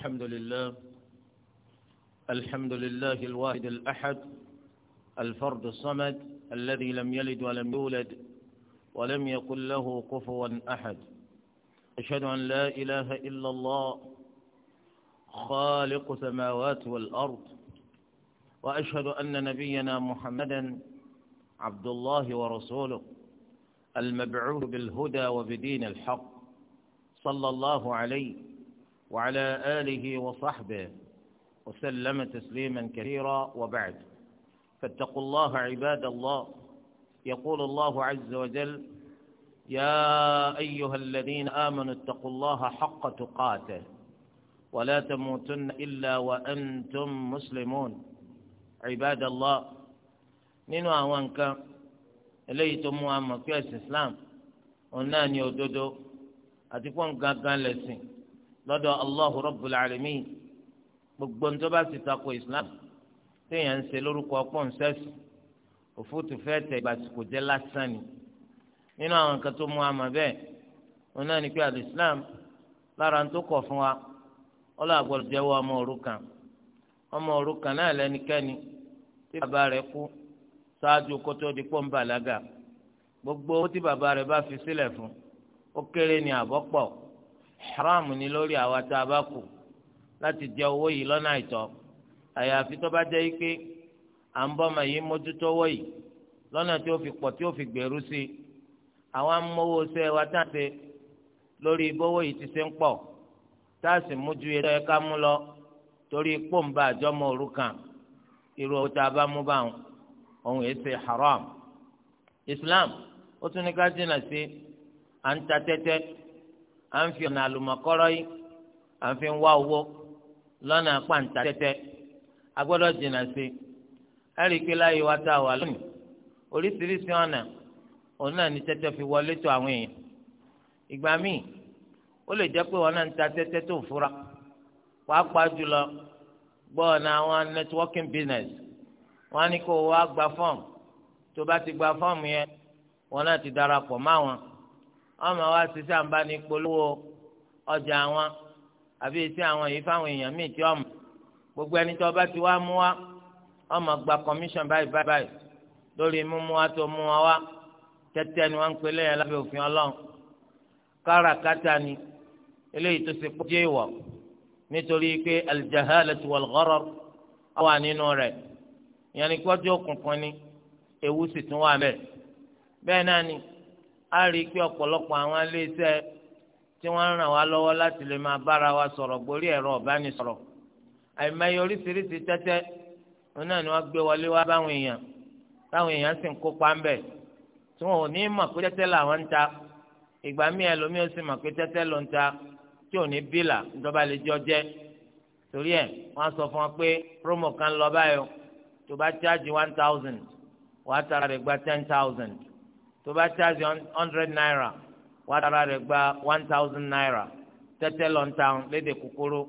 الحمد لله الحمد لله الواحد الأحد الفرد الصمد الذي لم يلد ولم يولد ولم يكن له كفوا أحد أشهد أن لا إله إلا الله خالق سماوات والأرض وأشهد أن نبينا محمدا عبد الله ورسوله المبعوث بالهدى وبدين الحق صلى الله عليه وعلى آله وصحبه وسلم تسليما كثيرا وبعد فاتقوا الله عباد الله يقول الله عز وجل يا أيها الذين آمنوا اتقوا الله حق تقاته ولا تموتن إلا وأنتم مسلمون عباد الله نينو أوانك ليتم أما في الإسلام ونان ودودو أتكون قاقان لسين lọ́dọ̀ Allahu Rabbul Alamin gbogbo ní tó bá ti tako Islam téèyàn ń ṣe lórúkọ ọpọ́n sẹ́sì òfútu fẹ́ tẹ ìbásíkò jẹ́ lásán ni nínú àwọn nǹkan tó mú àmà bẹ́ẹ̀ wọn náà ní pé islam lára ń tó kọ̀ fún wa ọmọ òrukàn ọmọ náà lẹ́nikẹ́ni tí bàbá rẹ̀ kú kótó di gbogbo owó tí bàbá rẹ̀ bá fi fún ó kéré haram ni lórí àwa tá a bá kù láti jẹ owó yìí lọ́nà àìtọ́ àyàfi tó bá jẹ́ pé à ń bọ́mọ yìí mójútó owó yìí lọ́nà tí ó fi pọ̀ tí ó fi gbèrú sí i àwa ń mówó ṣe wa tá a ṣe lórí bówó yìí ti ṣe ń pọ̀ tá a sì mú ju ẹ̀rọ ẹ̀ka mú lọ torí pòǹba àjọmọ òrukàn irú owó tá a bá mú báwọn òun yìí ṣe haram Islam ó tún ní ká jìnnà sí à ń ta tẹ́tẹ́ à ń fi ọ̀nà àlùmọ̀kọ́rọ́ yìí à ń fi ń wá owó lọ́nà pàǹtà tẹ́tẹ́ a gbọ́dọ̀ jìnnà sí i a rí wa tá a wà lónìí ni tẹ́tẹ́ fi wọlé tó àwọn èèyàn ìgbà míì ó lè jẹ́ pé wọn náà ta tẹ́tẹ́ tó fura pàápàá jùlọ gbọ́ ọ̀nà àwọn networking business wọn á ní kó o wá gba fọ́ọ̀mù tó bá ti gba fọ́ọ̀mù yẹn wọn náà ti darapọ̀ mọ́ àwọn wọ́n máa wá sí sàǹbá ní polówó ọjà wọn àbí etí àwọn yìí fáwọn èèyàn míì tí ọmọ gbogbo ẹni tí ọba ti wá mú wa wọ́n máa gba commission báyìí báyìí lórí mímú wa tó mú wa wá tẹ́tẹ́ ni wọ́n ń pelé yẹn lábẹ́ òfin ọlọ́run káràkátà ni eléyìí tó ṣe pọ́ jẹ́ ìwọ̀ nítorí pé aljahalatu wal gharar wà nínú rẹ̀ ìyẹn ni kọ́jú òkùnkùn ni ewu sì tún wà bẹ́ẹ̀ bẹ́ẹ̀ náà ni a rí i pé ọ̀pọ̀lọpọ̀ àwọn iléeṣẹ́ tí wọ́n ń ràn wá lọ́wọ́ láti lè máa bára wa sọ̀rọ̀ gborí ẹ̀rọ ọ̀bánisọ̀rọ̀ àìmọye oríṣiríṣi tẹ́tẹ́ wọn náà ni wọ́n gbé wọlé wá báwọn èèyàn táwọn èèyàn sì ń kópa ń bẹ̀ tí wọn ò ní mọ̀ pé tẹ́tẹ́ làwọn ń ta ìgbà míì ẹlòmíì ó sì mọ̀ pé tẹ́tẹ́ ló ń ta tí ò ní bílà ìjọba lè jọ jẹ́ torí ẹ̀ wọ́n sọ fún wọn pé promo kan lọ báyọ̀ tó bá chájì one thousand wàá tara rẹ̀ gba ten thousand tó bá charge hundred naira wà dára rẹ̀ gba one thousand naira tẹ́tẹ́ lọ́ntàn léde kúkúrú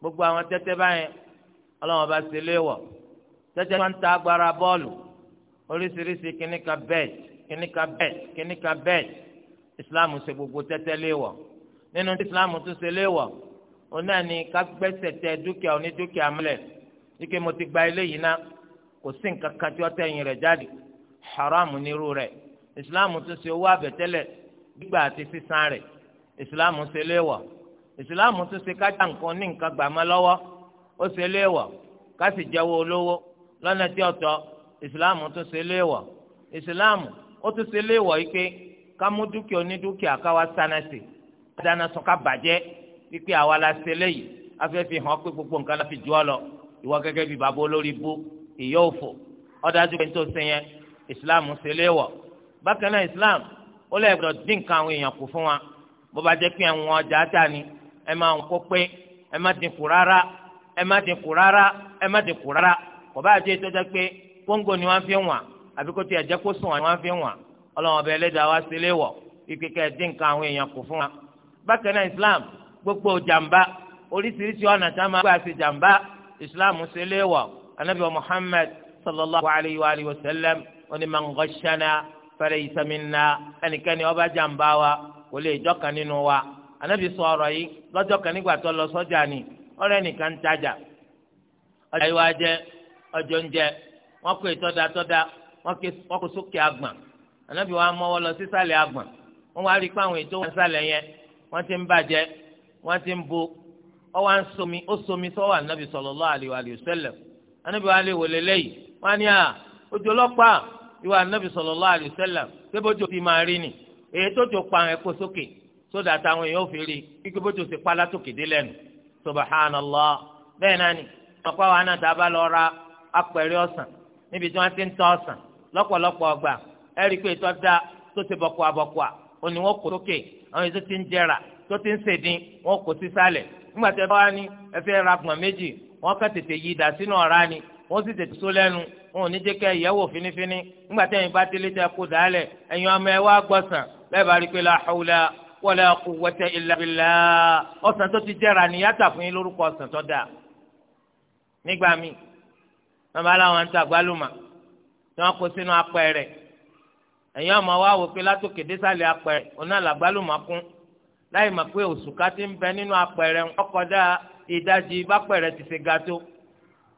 gbogbo àwọn tẹ́tẹ́ báyẹn ọlọ́wọ́n bá ṣe léwọ̀ tẹ́tẹ́ máa ta agbára bọ́ọ̀lù oríṣiríṣi kìnnìkà bẹ́ẹ̀t kìnnìkà bẹ́ẹ̀t kìnnìkà bẹ́ẹ̀t islam ṣe gbogbo tẹ́tẹ́ léwọ̀ nínú islam tún ṣe léwọ̀ òun náà ni ká gbẹ́sẹ̀ tẹ dúkìá oní dúkìá mọ́lẹ̀ wípé mo ti gba eléyìí ná kò sí nǹkan kan tí wọ́n tẹ̀yìn rẹ̀ jáde haram nírú rẹ̀ ìsìláàmù tún ṣe owó àbẹ̀tẹ́lẹ̀ gbígbà àti sísan rẹ̀ ìsìláàmù ṣe léèwọ̀ ìsìláàmù tún ṣe kájà nǹkan ní nǹkan gbàmọ́ lọ́wọ́ ó ṣe léèwọ̀ ká sì jẹ́wọ́ olówó lọ́nà tí ọ̀tọ̀ ìsìláàmù tún ṣe léèwọ̀ ìsìláàmù ó tún ṣe léèwọ̀ yìí pé dúkìá onídúkìá ká wá sáná sí dáná àwa la ṣe léyìí afẹ́fẹ́ hàn pé gbogbo nǹkan la fi jù ọ lọ ìwọ gẹ́gẹ́ bíi bàbá olórí bú ìyá ọ̀dájú pé ní tó ṣe yẹn ìsìláàmù ṣe léèwọ̀ bákan islam ó lè gbọ́dọ̀ dín nǹkan àwọn èèyàn kù fún wa bó bá jẹ́ pé àwọn ọjà tà ní ẹ máa ń kó pé ẹ má dín kù rárá ẹ má dín kù rárá ẹ má dín kù rárá kò bá jẹ́ ìtọ́jà pé kóńgò ni wọ́n fi ń wà àbí kó tiẹ̀ jẹ́ kó sùn wà ni wọ́n fi ń wà ọlọ́wọ́n ọbẹ̀ ẹlẹ́dàá wá sílé wọ̀ ike kẹ́ ẹ dín nǹkan àwọn èèyàn kù fún wa bákan islam gbogbo jàmbá oríṣiríṣi ọ̀nà tá a máa gbà ṣe jàmbá muhammad sallallahu alayhi wa sallam oní man ghashana falaysa minna ẹnikẹ́ni ó bá jàǹbá wa kò lè jọ́kan nínú wa anabi sọ ọ̀rọ̀ yìí lọ́jọ́ kan nígbà tó lọ sọ́jà ni ọ̀rẹ́ nìkan tajà ọjà jẹ ọjọ ń jẹ wọn kó ìtọ́da wọn kó sókè àgbọ̀n anabi wa mọ́wọ́ lọ sísàlẹ̀ àgbọ̀n wọn wá rí ètò wọn yẹn wọn ti ń bàjẹ́ wọn ti ń bo somi ó somi anabi iwa anabi sọlọlọ alaihi wasallam pé bójú fi máa rí ni èyí tó jò pa ẹ̀kọ́ sókè sódà táwọn èèyàn fi rí kíkẹ́ bójú sì pa látòkè dé lẹ́nu subhanallah bẹ́ẹ̀ náà ni wa náà tá a bá lọ ra ti ń ọgbà pé da tó ti òní sókè àwọn èso ti ń jẹrà tó ti ń sèdín nígbà tí bá wá ní méjì wọ́n sì tètè so lẹ́nu wọn ò ní jẹ́ kẹ́ ìyẹ̀wò finifini nígbà tẹ́yìn bá délé tẹ́ kó dàálẹ̀ ẹ̀yin ọmọ ẹ wá gbọ̀sán bẹ́ẹ̀ bá rí pé la hawla wala quwwata illa billah ọ̀sán tó ti jẹ́ra níyàtà fún yín lórúkọ ọ̀sán tó dáa nígbà míì bàbá làwọn ń ta àgbálùmọ̀ tí wọ́n kó sínú apẹ̀rẹ̀ ẹ̀yin ọmọ wa wò pé látòkè désàlẹ̀ apẹ̀rẹ̀ ọ̀nà làgbálùmọ̀ kún láì mọ̀ pé òṣùká ti ń bẹ nínú apẹ̀rẹ̀ ọkọ̀dá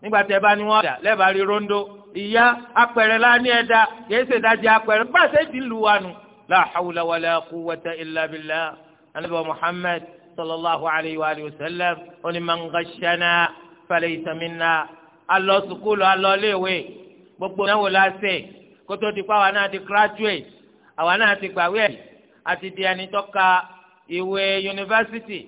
nígbà tẹ bá ní wọn dà lẹ́bàá rí rondo ìyá apẹ̀rẹ̀ la ní ẹ̀dá kìí ṣe dájẹ́ apẹ̀rẹ̀ bá ṣe ti lu wa nù. la hawla wala quwwata illa billah anabi muhammad sallallahu alayhi wa sallam oní man ghashana falaysa minna alọ sukulu alọ léwe gbogbo náwó la ṣe kótó ti pa àwa náà ti graduate àwa náà ti gbàwé ẹ̀ àti di ẹni tọ́ka ìwé yunifásitì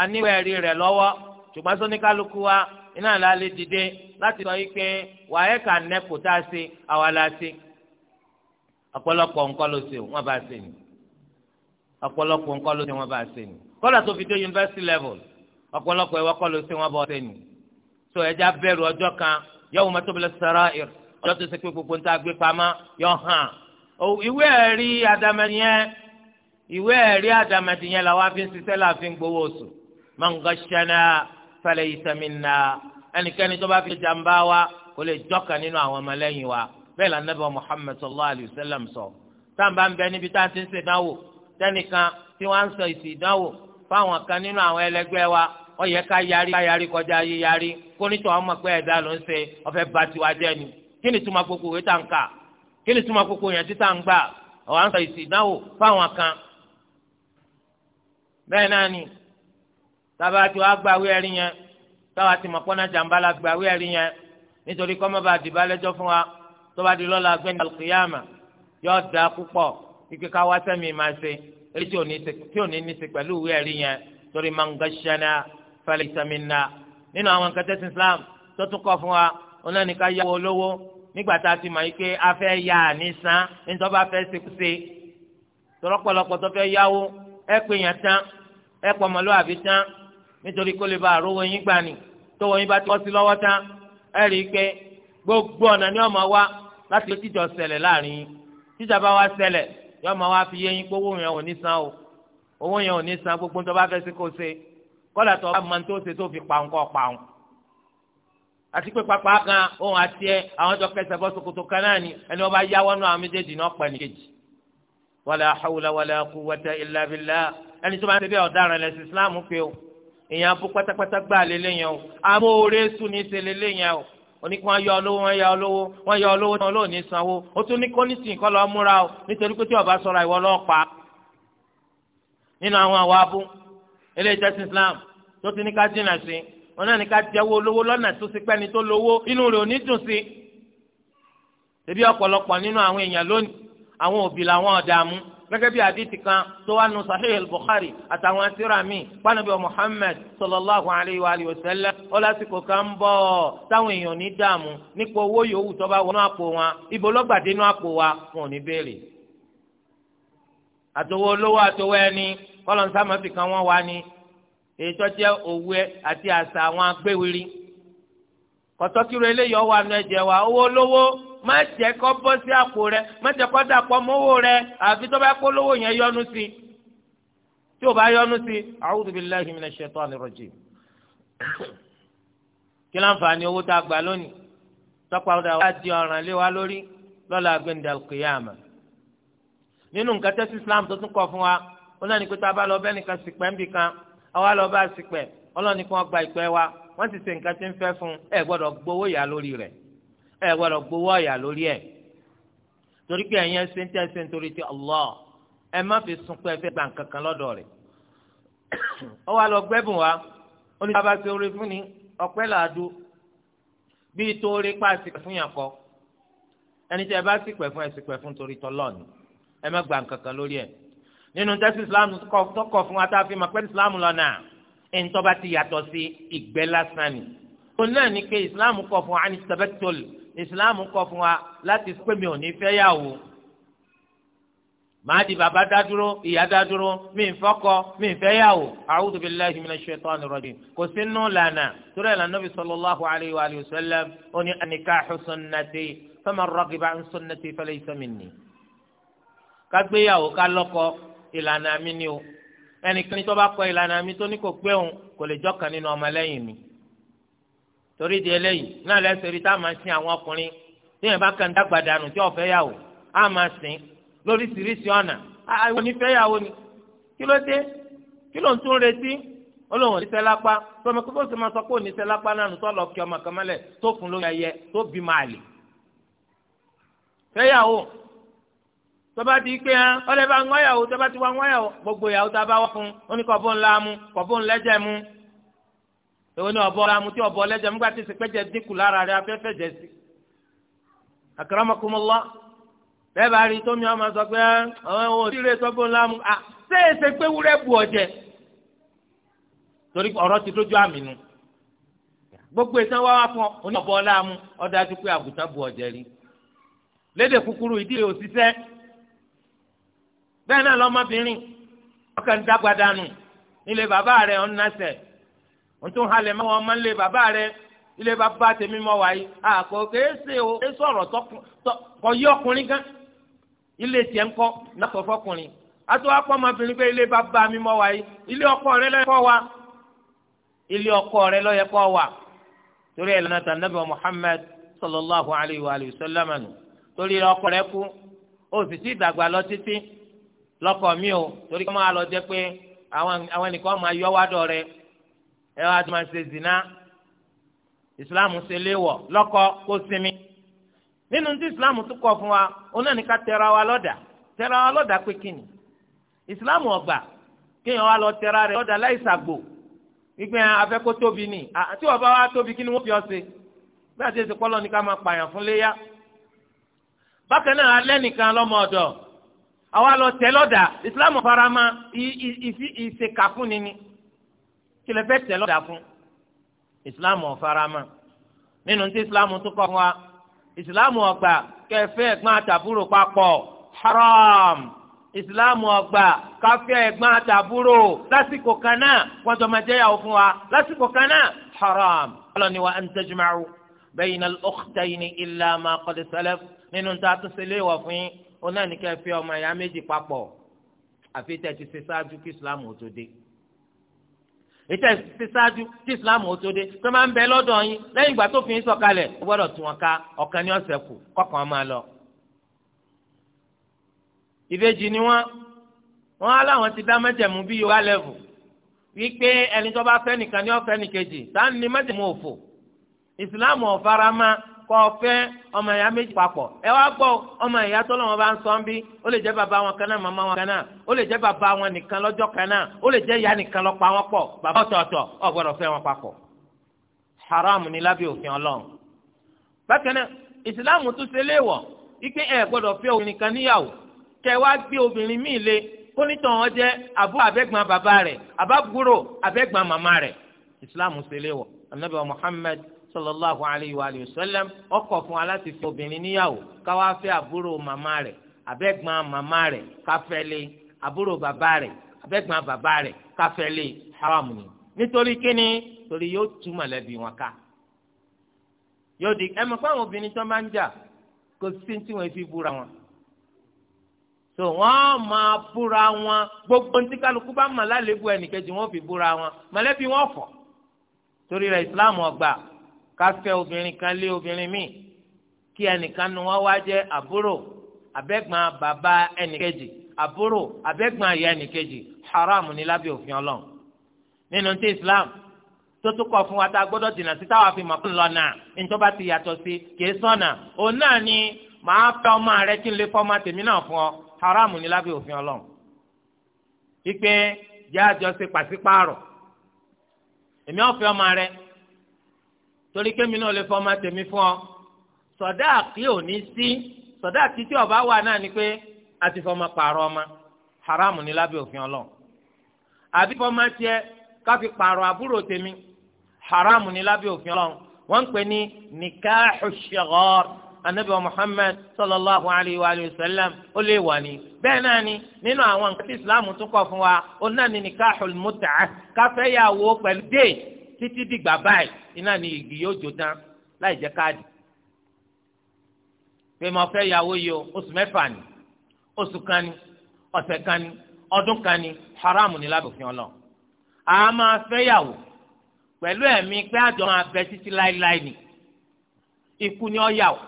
aníwẹ̀ẹ́rì rẹ̀ lọ́wọ́ ṣùgbọ́n sóníkálukú wa iná la lè dìde láti sọ wípé wàá ẹ̀ka nẹ́kù tá a ṣe àwa la ṣe ọ̀pọ̀lọpọ̀ nǹkan ló ṣe wọ́n bá ṣe ni ọ̀pọ̀lọpọ̀ nǹkan ló ṣe wọ́n bá ṣe ni kọ́lá tó fi dé yunifásitì level ọ̀pọ̀lọpọ̀ ẹ̀wọ́ kọ́ ló ṣe wọ́n bá ṣe ni so ẹja bẹ̀rù ọjọ́ kan yawma tubla sarair ọjọ́ tó ṣe pé gbogbo ń ta gbé pamọ́ yọ hàn ìwé ẹ̀rí adamadiẹ ìwé ẹ̀rí adamadiẹ làwọn afi ń ṣiṣẹ́ láàfin gbowó oṣù man ghashana falaysa minna ẹnikẹ́ni tó bá fi jàmbá wa kò lè jọ́ka nínú àwọn ọmọlẹ́yìn wa bẹ́ẹ̀ lànàbọ̀ muhammed sallallahu alayhi wa sallam sọ táǹbà ń bẹ níbi tá à ti ń ṣe ìdánwò tẹnìkan tí wọ́n á ń sọ ìsì ìdánwò fáwọn kan nínú àwọn ẹlẹgbẹ́ wa ó yẹ ká yarí ká yarí kọjá yíyarí kó nítorí àwọn ọmọ pé ẹ̀dá ló ń ṣe ọ̀fẹ́ ba tiwa jẹ́ ni kí ni túmọ̀ gbogbo ìwé tá à kà kí ni túmọ̀ gbogbo yẹn títà ń gbà ọ̀ sọ ìsì ìdánwò fáwọn kan bẹ́ẹ̀ náà ni tábà tí wàá gbàwé ẹ̀rí yẹn táwa ti mọ̀ pọ́nà jàǹbá la gbàwé ẹ̀rí yẹn nítorí kọ́ mọ́ba àdìbá lẹ́jọ́ fún wa tó bá di lọ́la gbẹ́ni alùkìyàmà yóò da púpọ̀ kíkẹ́ ká wá sẹ́mi máa ṣe èyí tí ò ní ní ṣe pẹ̀lú ìwé ẹ̀rí yẹn torí man gashana falaysa minna nínú àwọn kẹtẹ́sì Islam tó tún kọ́ fún wa òun náà ní ká yáwó olówó nígbà tá a ti mọ̀ ike afẹ́ yá àní san nítorí bá fẹ́ ṣekúṣe tọ́lọ́pọ̀lọpọ̀ tó fẹ́ yáwó ẹ pè tán ẹ pọ̀ tán nítorí kó lè bá àrówó yín gbà ní tówó yín bá ti sí lọ́wọ́ tán ẹ rí i pé gbogbo ọ̀nà ni ọmọ wa láti tíjọ ṣẹlẹ̀ láàrin yín tíjà bá wa ṣẹlẹ̀ yọ ọmọ wa fi yé yín pé owó yẹn ò ní san o owó yẹn ò ní san gbogbo tó bá fẹ́ sí kó ṣe kọ́dà tó bá máa tó ṣe tó fi pàun kọ́ pàun àti pé pàpà kan òun àti ẹ àwọn jọ kẹsẹ̀ bọ́ ṣòkòtò kan náà ni ẹni wọ́n bá yáwọ́ náà àwọn méjèèjì náà pẹ̀ níkejì wala hawla wala quwwata illa ẹni tó bá ń ṣe bí ọ̀daràn lẹ́sìn Islam pé o èèyàn abú pátápátá gbà lélẹ́yìn o amóore sùn ní ṣe lélẹ́yìn o oníkan yọ olówó wọn yọ olówó wọn yọ olówó tán lóòní sanwó ó tún ní kọ́nìsìn kọ́ lọ́ọ́ múra o nítorí pé tí ọba sọ̀rọ̀ ìwọ lọ́ọ́ nínú àwọn àwọn abú eléyìí tẹ́sí Islam tó ti ní ká jìnnà sí wọn náà ní ká jẹ́wọ́ olówó lọ́nà tó ti pẹ́ni tó lówó inú rẹ̀ ò ní dùn sí. ṣebí ọ̀pọ̀lọpọ̀ nínú àwọn èèyàn lónìí àwọn òbí làwọn ọ̀dààmú gẹ́gẹ́ bí àdìtì kan tó wà nù sahih al-bukhari àtàwọn asíra mi panabi muhammed sallallahu alayhi wa sallam ó lásìkò kan ń bọ̀ táwọn èèyàn ní dààmú nípa owó yòówù tó bá wọnú àpò wọn ibo lọ́gbàdé nú àpò wa wọn ò ní béèrè. àtòwò olówó àtòwò ẹni kọ́lọ́n sámọ́ fi kan wọ́n wá ní èyí tó jẹ́ òwe àti àṣà àwọn agbéwìrì kọ́tọ́kìrò eléyìí ọwọ́ àánú ẹ̀jẹ̀ wa owó olówó má jẹ́ kó bọ́ sí àpò rẹ má jẹ́ kó dàpọ̀ mọ́wó rẹ àfi tó bá polówó yẹn yọnu sí tí o bá yọnu sí a'udhu billahi minash shaitani rajim kí láǹfààní owó tá a gbà lónìí tọ́pàdà wá di ọ̀ràn lé wa lórí lọ́la gbẹ̀ndà kìyàmà nínú nǹkan tẹ́sí Islam tó tún kọ̀ fún wa ó náà ní pé tá a bá lọ bẹ́ẹ̀ nìkan ṣìpẹ̀ ń bì kan àwa lọ bá ṣìpẹ̀ ọlọ́ọ̀ni kí wọ́n gba ìpẹ́ wa wọ́n ti ṣe nǹkan tí ń fẹ́ fún ẹ gbọ́dọ̀ gbowó yà lórí rẹ̀ ẹ gbọ́dọ̀ gbowó ọ̀yà lórí ẹ̀ torí pé ẹ̀yin ẹsẹ̀ ń tẹ́ ẹsẹ̀ nítorí ti Allah ẹ má fi sun pé ẹ fẹ́ gbà nǹkan kan lọ́dọ̀ rẹ̀ ọ wá lọ gbẹ́bùn wa ó bàbá ṣe oore fún ni ọpẹ́ làádú bíi tóore pa àsìkò fún yàn kọ ẹni tí ẹ bá sì pẹ̀ fún ẹ sì pẹ̀ fún torí tọ́lọ́ ni ẹ má gbà nǹkan kan lórí ẹ̀ nínú tẹ́sí Islam tọkọ fún wa tá a fi mọ̀ pé Islam lọ́nà ẹ̀ ń tọ́ bá ti yàtọ̀ sí ìgbẹ́ lásán ni òun náà ní pé Islam kọ̀ fún wa ní sabatul islam kọ fún wa láti pé mi ò ní fẹ́ yàwó màá di bàbá dádúró ìyá dádúró mi ń fọkọ mi ń fẹ́ yàwó a'udhu billahi minash shaitani rajim kò sí nù lànà torí ẹ̀ lànà nabi sallallahu alayhi wa sallam ó ní an-nikahu sunnati faman ragiba an sunnati falaysa minni kágbéyàwó ká lọ́kọ ìlànà mi ni o ẹnikẹ́ni tó bá kọ ìlànà mi tó ní kò pé òun kò lè jọ́kan nínú ọmọlẹ́yìn mi torí di eléyìí náà lẹ́sẹ̀ rí tá a máa sin àwọn ọkùnrin tí yẹn bá kàn dàgbà dànù tí ọ̀fẹ́ yà wò á máa sìn lóríṣiríṣi ọ̀nà àwọn onífẹ́yàwó ni kí ló dé kí ló ń tún retí olóhùn oníṣẹ́ lápá tọmọ kókó sì máa sọ pé oníṣẹ́ lápá náà tó lọ kí ọmọ kan mọ́lẹ̀ tó fún lóyún ẹyẹ tó bí máa lè fẹ́yàwó tọba ti pé hàn ọlẹ́ bá ń wáyàwó tọba ti wá ń wáyàwó gbogbo ìyàwó tá a bá wá mu kọ̀ọ́bọ̀n lẹ́jẹ̀ mu èwo ni ọ̀bọ amú tí ọ̀bọ lẹ́jẹ̀ nígbà tí ìsìnkpẹ́jẹ dínkù lára rẹ̀ afẹ́fẹ́ jẹ sí. Akramakumullah bẹ́ẹ̀ bá rí tómi ọmọ sọ pé àwọn ohun òsìrè sọ́gbọ́n ńlá mu à ṣé èsè pé wúrẹ́ bu ọ̀jẹ̀ torí ọ̀rọ̀ ti dójú àmì nu gbogbo ìtàn wá wá fún ọ ní ọ̀bọ ọlá mu ọ̀dájú pé àgùntàn bu ọ̀jẹ̀ rí lédè kúkúrú ìdílé òṣìṣẹ́ bẹ́ẹ̀ náà lọ́mọbìnrin ọkàn dàgbàdànù nílé bàbá rẹ̀ ọ̀nàṣẹ́ wọ́n tún halẹ̀ mọ́ wọn mọ́ ilé bàbá rẹ ilé bàbá tèmi mọ́ wáyé àpò kéésì o kéésì ọ̀rọ̀ kọ yí ọkùnrin gan ilé tiẹ̀ ń kọ́ nàkọ́ fọkùnrin àti wàá pọ́ ọmọbìnrin pé ilé bàbá mi mọ́ wáyé ilé ọkọ rẹ lọ́yẹ kọ́ wa ilé ọkọ rẹ lọ́yẹ kọ́ wa torí ẹ̀ lọ́nà tà nàbì Muhammad sallallahu alayhi wa sallam torí ọkọ rẹ kú ó sì ti dàgbà lọ títí lọkọ mi o torí kọ́ máa lọ jẹ́ pé àwọn nìkan máa yọ wá dọ̀ rẹ ẹ wá tó máa ṣe zina ìsìláàmù ṣe léèwọ̀ lọ́kọ kó sinmi nínú tí ìsìláàmù tún kọ fún wa òun náà ní ká tẹra wa lọ́dà tẹra wa lọ́dà pé kíni ìsìláàmù ọgbà kéèyàn wá lọ tẹra rẹ̀ lọ́dà láì gbígbẹ́ afẹ́ tóbi ni àti ọba wa tóbi kí ni wọ́n fi ọ ṣe bí àti èsì pọ́lọ́ ní máa pààyàn fún léyà bákan náà alẹ́ nìkan lọ́mọ ọ̀dọ̀ àwa lọ tẹ lọ́dà ìsìláàmù farama ìṣèkà fún ni ni kí lè fẹ́ tẹ̀ lọ́dà fún ìsìláàmù ọ̀farama nínú tí ìsìláàmù tó kọ́ wa ìsìláàmù ọgbà kẹfẹ́ ẹ̀gbọ́n àtàbúrò papọ̀ haram ìsìláàmù ọgbà káfẹ́ ẹ̀gbọ́n àtàbúrò lásìkò kan náà wọ́n máa jẹ́ ìyàwó fún wa lásìkò kan náà haram. ọlọ́ni wa an tajma'u bayna al-ukhtayni illa ma qad salaf nínú tá a tún ṣe léèwọ̀ fún ṣe ṣáájú kí ìsìláàmù ò ètò ìsìtì ṣáájú tí islam ò tó dé tó máa ń bẹ lọ́dọ̀ yín lẹ́yìn ìgbà tó fi ń sọ̀kalẹ̀ ó gbọ́dọ̀ tún wọn ká ọ̀kan ní ọ̀sẹ̀ kù kọ̀ọ̀kan máa lọ. ìbejì ni wọ́n wọ́n á láwọn ti dá mẹ́jẹ̀mú bí yorùbá lẹ́vù wípé ẹni tó bá fẹ́ nìkan ní ọ̀fẹ́ nìkejì tá ní mẹ́jẹ̀mú òfò islam ọ̀fara máa kọ́ ọ fẹ́ ọmọ ìyá méjì papọ̀ ẹ wá gbọ́ ọmọ ìyá tó lọ́wọ́ bá ń sọ ń bí ó lè jẹ́ bàbá wọn kan náà màmá wọn kan ó lè jẹ́ bàbá wọn nìkan lọ́jọ́ kan ó lè jẹ́ ìyá nìkan ló pa wọ́n pọ̀ bàbá ọ̀tọ̀ọ̀tọ̀ ò gbọ́dọ̀ wọn papọ̀ haram ni lábẹ́ òfin ọlọ́run. bákan náà ìsìláàmù tún ṣe léèwọ̀ wípé ẹ gbọ́dọ̀ fẹ́ obìnrin kan níyàwó kẹ wá gbé obìnrin míì le kó nítàn wọn jẹ́ àbú àbẹ́gbọ́n bàbá rẹ̀ àbábúrò àbẹ́gbọ́n màmá rẹ̀ ìsìláàmù Muhammad sallallahu alayhi wa sallam ọkọ̀ fún wa láti fi obìnrin níyàwó káwá fẹ́ àbúrò màmá rẹ̀ abẹ́gbọ́n màmá rẹ̀ káfẹ́lé àbúrò bàbá rẹ̀ abẹ́gbọ́n bàbá rẹ̀ káfẹ́lé haram ni nítorí kíni torí yóò tú mọ̀lẹ́bí wọn ká yóò di ẹ mọ̀ pé àwọn obìnrin tó máa ń jà kò sí tí wọ́n fi búra wọn tò wọ́n máa búra wọn gbogbo ní kálukú bá mọ̀ lálébù ẹnìkejì wọ́n fi búra wọn mọ̀lẹ́bí wọn fọ̀ torí rẹ̀ Islam ò káfẹ́ obìnrin kan lé obìnrin míì kí ẹnìkan nu wọn wá jẹ́ àbúrò abẹ́gbọ́n bàbá ẹnìkejì àbúrò abẹ́gbọ́n ìyá ẹnìkejì haram ní lábẹ́ òfin ọlọ́run nínú ti islam tó tún kọ fún wa tá a gbọ́dọ̀ dènà sí táwa fi mọ̀ fún lọ́nà nítorí bá ti yàtọ̀ sí kìí sọ̀nà òun náà ni màá fẹ́ ọmọ rẹ kí n lè fọ́ tèmi náà fún ọ haram ní lábẹ́ òfin ọlọ́run wípé jẹ́ àjọṣe pàṣípààrọ̀ èmi ọ̀fẹ́ ọmọ rẹ torí kémi náà lè fọmọ tèmi fún ọ sọdá àkí ò ní sí sọdá àkí tí ọba wà náà ni pé a ti fọmọ pààrọ̀ ọmọ haram ni lábẹ́ òfin Ọlọ́run àbí fọmọ tiẹ̀ káfi pààrọ̀ àbúrò tèmi haramu ni lábẹ́ òfin Ọlọ́run wọ́n ń pè ní nikahu shighar anabi muhammed sallallahu alayhi wa sallam ó lè wà ní. bẹ́ẹ̀ náà ni nínú àwọn nǹkan tí islam tún kọ̀ fún wa ó náà ní nikahul mut'ah káfẹ́yàwó pẹ̀lú déè títí dìgbà báyìí iná ni igi yóò jó tán láì jẹ́ káàdì pé mo fẹ́ yàwó yìí o oṣù mẹ́fà ni oṣù kan ni ọ̀sẹ̀ kan ni ọdún kan ni haram ni lábòfin ọlọ a máa fẹ́ yàwó pẹ̀lú ẹ̀mí pé àjọ máa bẹ títí láéláé ni ikú ni ọ yàwó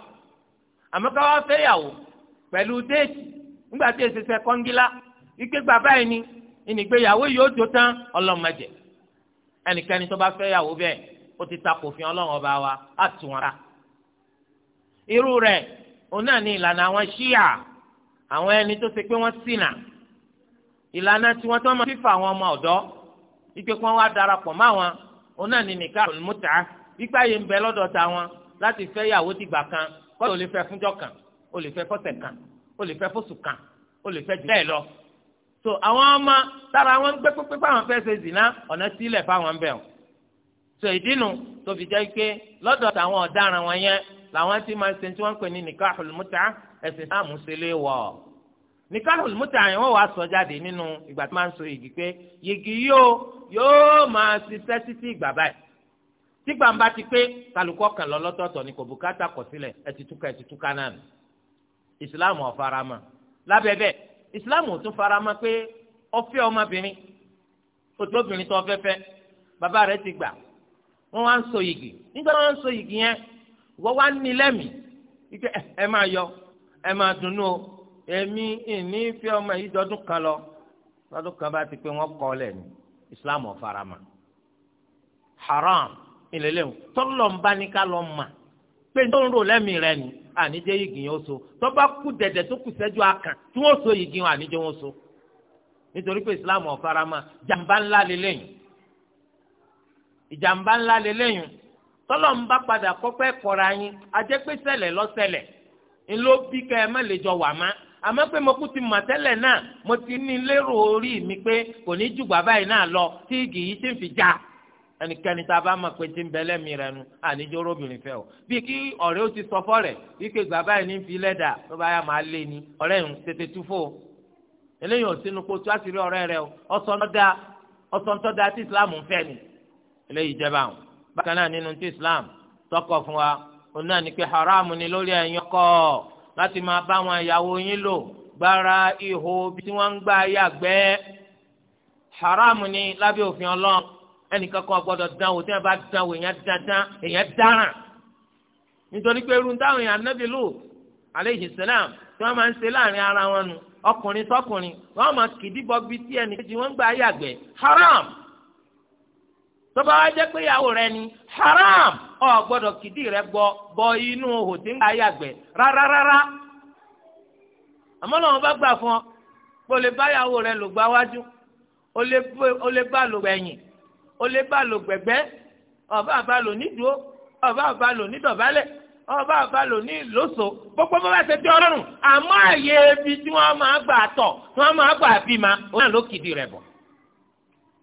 àmọ́ ká wá fẹ́ yàwó pẹ̀lú déètì nígbà tí èsì sẹ́kọ́ńgílá ike gbà báyìí ni ìnìgbéyàwó yìí ó jó tán ọlọ́mọdé ẹnikẹ́ni tó bá fẹ́ yàwó bẹ́ẹ̀ ó ti ta kòfin ọlọ́run ọba wa á tù wọn ra. irú rẹ̀ òun náà ni ìlànà àwọn ṣíà àwọn ẹni tó ṣe pé wọ́n ṣìnà ìlànà tiwọn tó máa fífa àwọn ọmọ ọ̀dọ́ ipe kí wọ́n wá darapọ̀ mọ́ àwọn òun náà ni nìka olùmúta ipa yìí ń bẹ lọ́dọ̀ ta wọn láti fẹ́ yàwó tìgbà kan kọ́ ló lè fẹ́ fúnjọ́ kan ó lè fẹ́ fọ́sẹ̀ kan ó lè fẹ́ fóṣù kan ó lè fẹ́ jù bẹ́ẹ̀ lọ so àwọn ọmọ tára wọn gbé pípé fáwọn fẹ́ ṣe zìnà ọ̀nà sílẹ̀ fáwọn bẹ̀ wọn so ìdínú tó fi jẹ́ pé lọ́dọ̀ táwọn ọ̀daràn wọn yẹn làwọn ti máa ṣe tí wọ́n ń pè ní nikahul muta ẹ̀sìn táàmù sílẹ̀ wọ̀ nikahul muta yẹn wọ́n wàá sọ jáde nínú ìgbà tí wọ́n máa ń so yìgì pé yìgì yóò yóò máa ṣiṣẹ́ títí ìgbà báyìí tí gbàǹbá ti pé kálukọ́ kan lọ lọ́tọ̀ọ̀tọ̀ ni kò bùkátà kọ̀ sílẹ̀ ẹ̀ ti túká ẹ̀ ti túká islam ò tún fara mọ́ pé ọfẹ ọmọbìnrin òtóbìnrin tó ọfẹfẹ bàbá rẹ̀ ti gbà wọn wá ń so yìgì nígbà wọn ń so yìgì yẹn wọn wá ń ní lẹ́mìí ike eh, ẹ máa yọ ẹ máa dunnú o èmi ìní fẹ ọmọ yìí dọdún kan lọ dọdún kan bá ti pé wọn kọ lẹ ní islam ò fara mọ́ haram ìlẹlẹ tọlọ ń bá ní ká lọ mà pé tó ń rò lẹ́mìí rẹ̀ ni àníjẹ́ yìí gìyàn ó so tó kú dẹ̀dẹ̀ tó kù sẹ́jú akàn tí wọ́n so yìí gìyàn àníjẹ́ wọn so nítorí pé islam ọ̀farama jàǹbá ńlá lélẹ́yìn ìjàmbá ńlá lélẹ́yìn tọ́lọ̀ ń bá padà kọ́pẹ́ kọ́ra yín ńlọ bí ẹ má lè mi pé kò ní jù bàbá yìí náà ẹnikẹ́ni tá a bá mọ̀ pé ti ń bẹ lẹ́mìí rẹ nu àníjó róbìnrin fẹ́ o bí kí ọ̀rẹ́ ó ti sọ fọ́rẹ̀ wípé bàbá yìí ní fi lẹ́dà tó bá yà máa lé ni ọ̀rẹ́ yìí tètè tú fò eléyìí ò sínú kó tó a sì rí ọ̀rẹ́ rẹ o ọ̀sánná ọ̀sánná da tí islam ń fẹ́ ni eléyìí jẹ́ báwọn. bákan náà nínú tí islam tọkọ fún wa òun náà ní pé haramu ni lórí ẹ̀yin ọkọ láti máa bá àwọn ìyàwó yín lò gbára ihò haramu ni lábẹ́ òfin ẹnìkan kan gbọ́dọ̀ dánwò tí wọ́n bá dánwò èèyàn dandan èèyàn dáràn nítorí pé irun táwọn èèyàn anábì lò aleyhi salam tí wọ́n máa ń ṣe láàrin ara wọn nu ọkùnrin sọkùnrin wọ́n máa kìdíbọ bí tí ẹnìkejì wọ́n gbà yàgbẹ́ haram tọ́ba wa jẹ́ pé ìyàwó rẹ ni haram o gbọ́dọ̀ kìdí rẹ gbọ́ bọ inú òhò tí ń gbà yàgbẹ́ rárárárá àmọ́ làwọn bá gbà fún ọ pé o lè bá ìyàwó rẹ lò wájú o lè bá lò gbẹ̀yìn ó lè bá lò gbẹ̀gbẹ́ ọba àbá lò nídùú ọba àbá lò nídọ̀bálẹ̀ ọba àbá lò ní ìlóso gbogbo bá bá ṣe tí ọlọ́run àmọ́ àyè ibi tí wọ́n máa gbà tọ̀ tí wọ́n máa gbà bímọ òun náà ló kìdí rẹ̀ bọ̀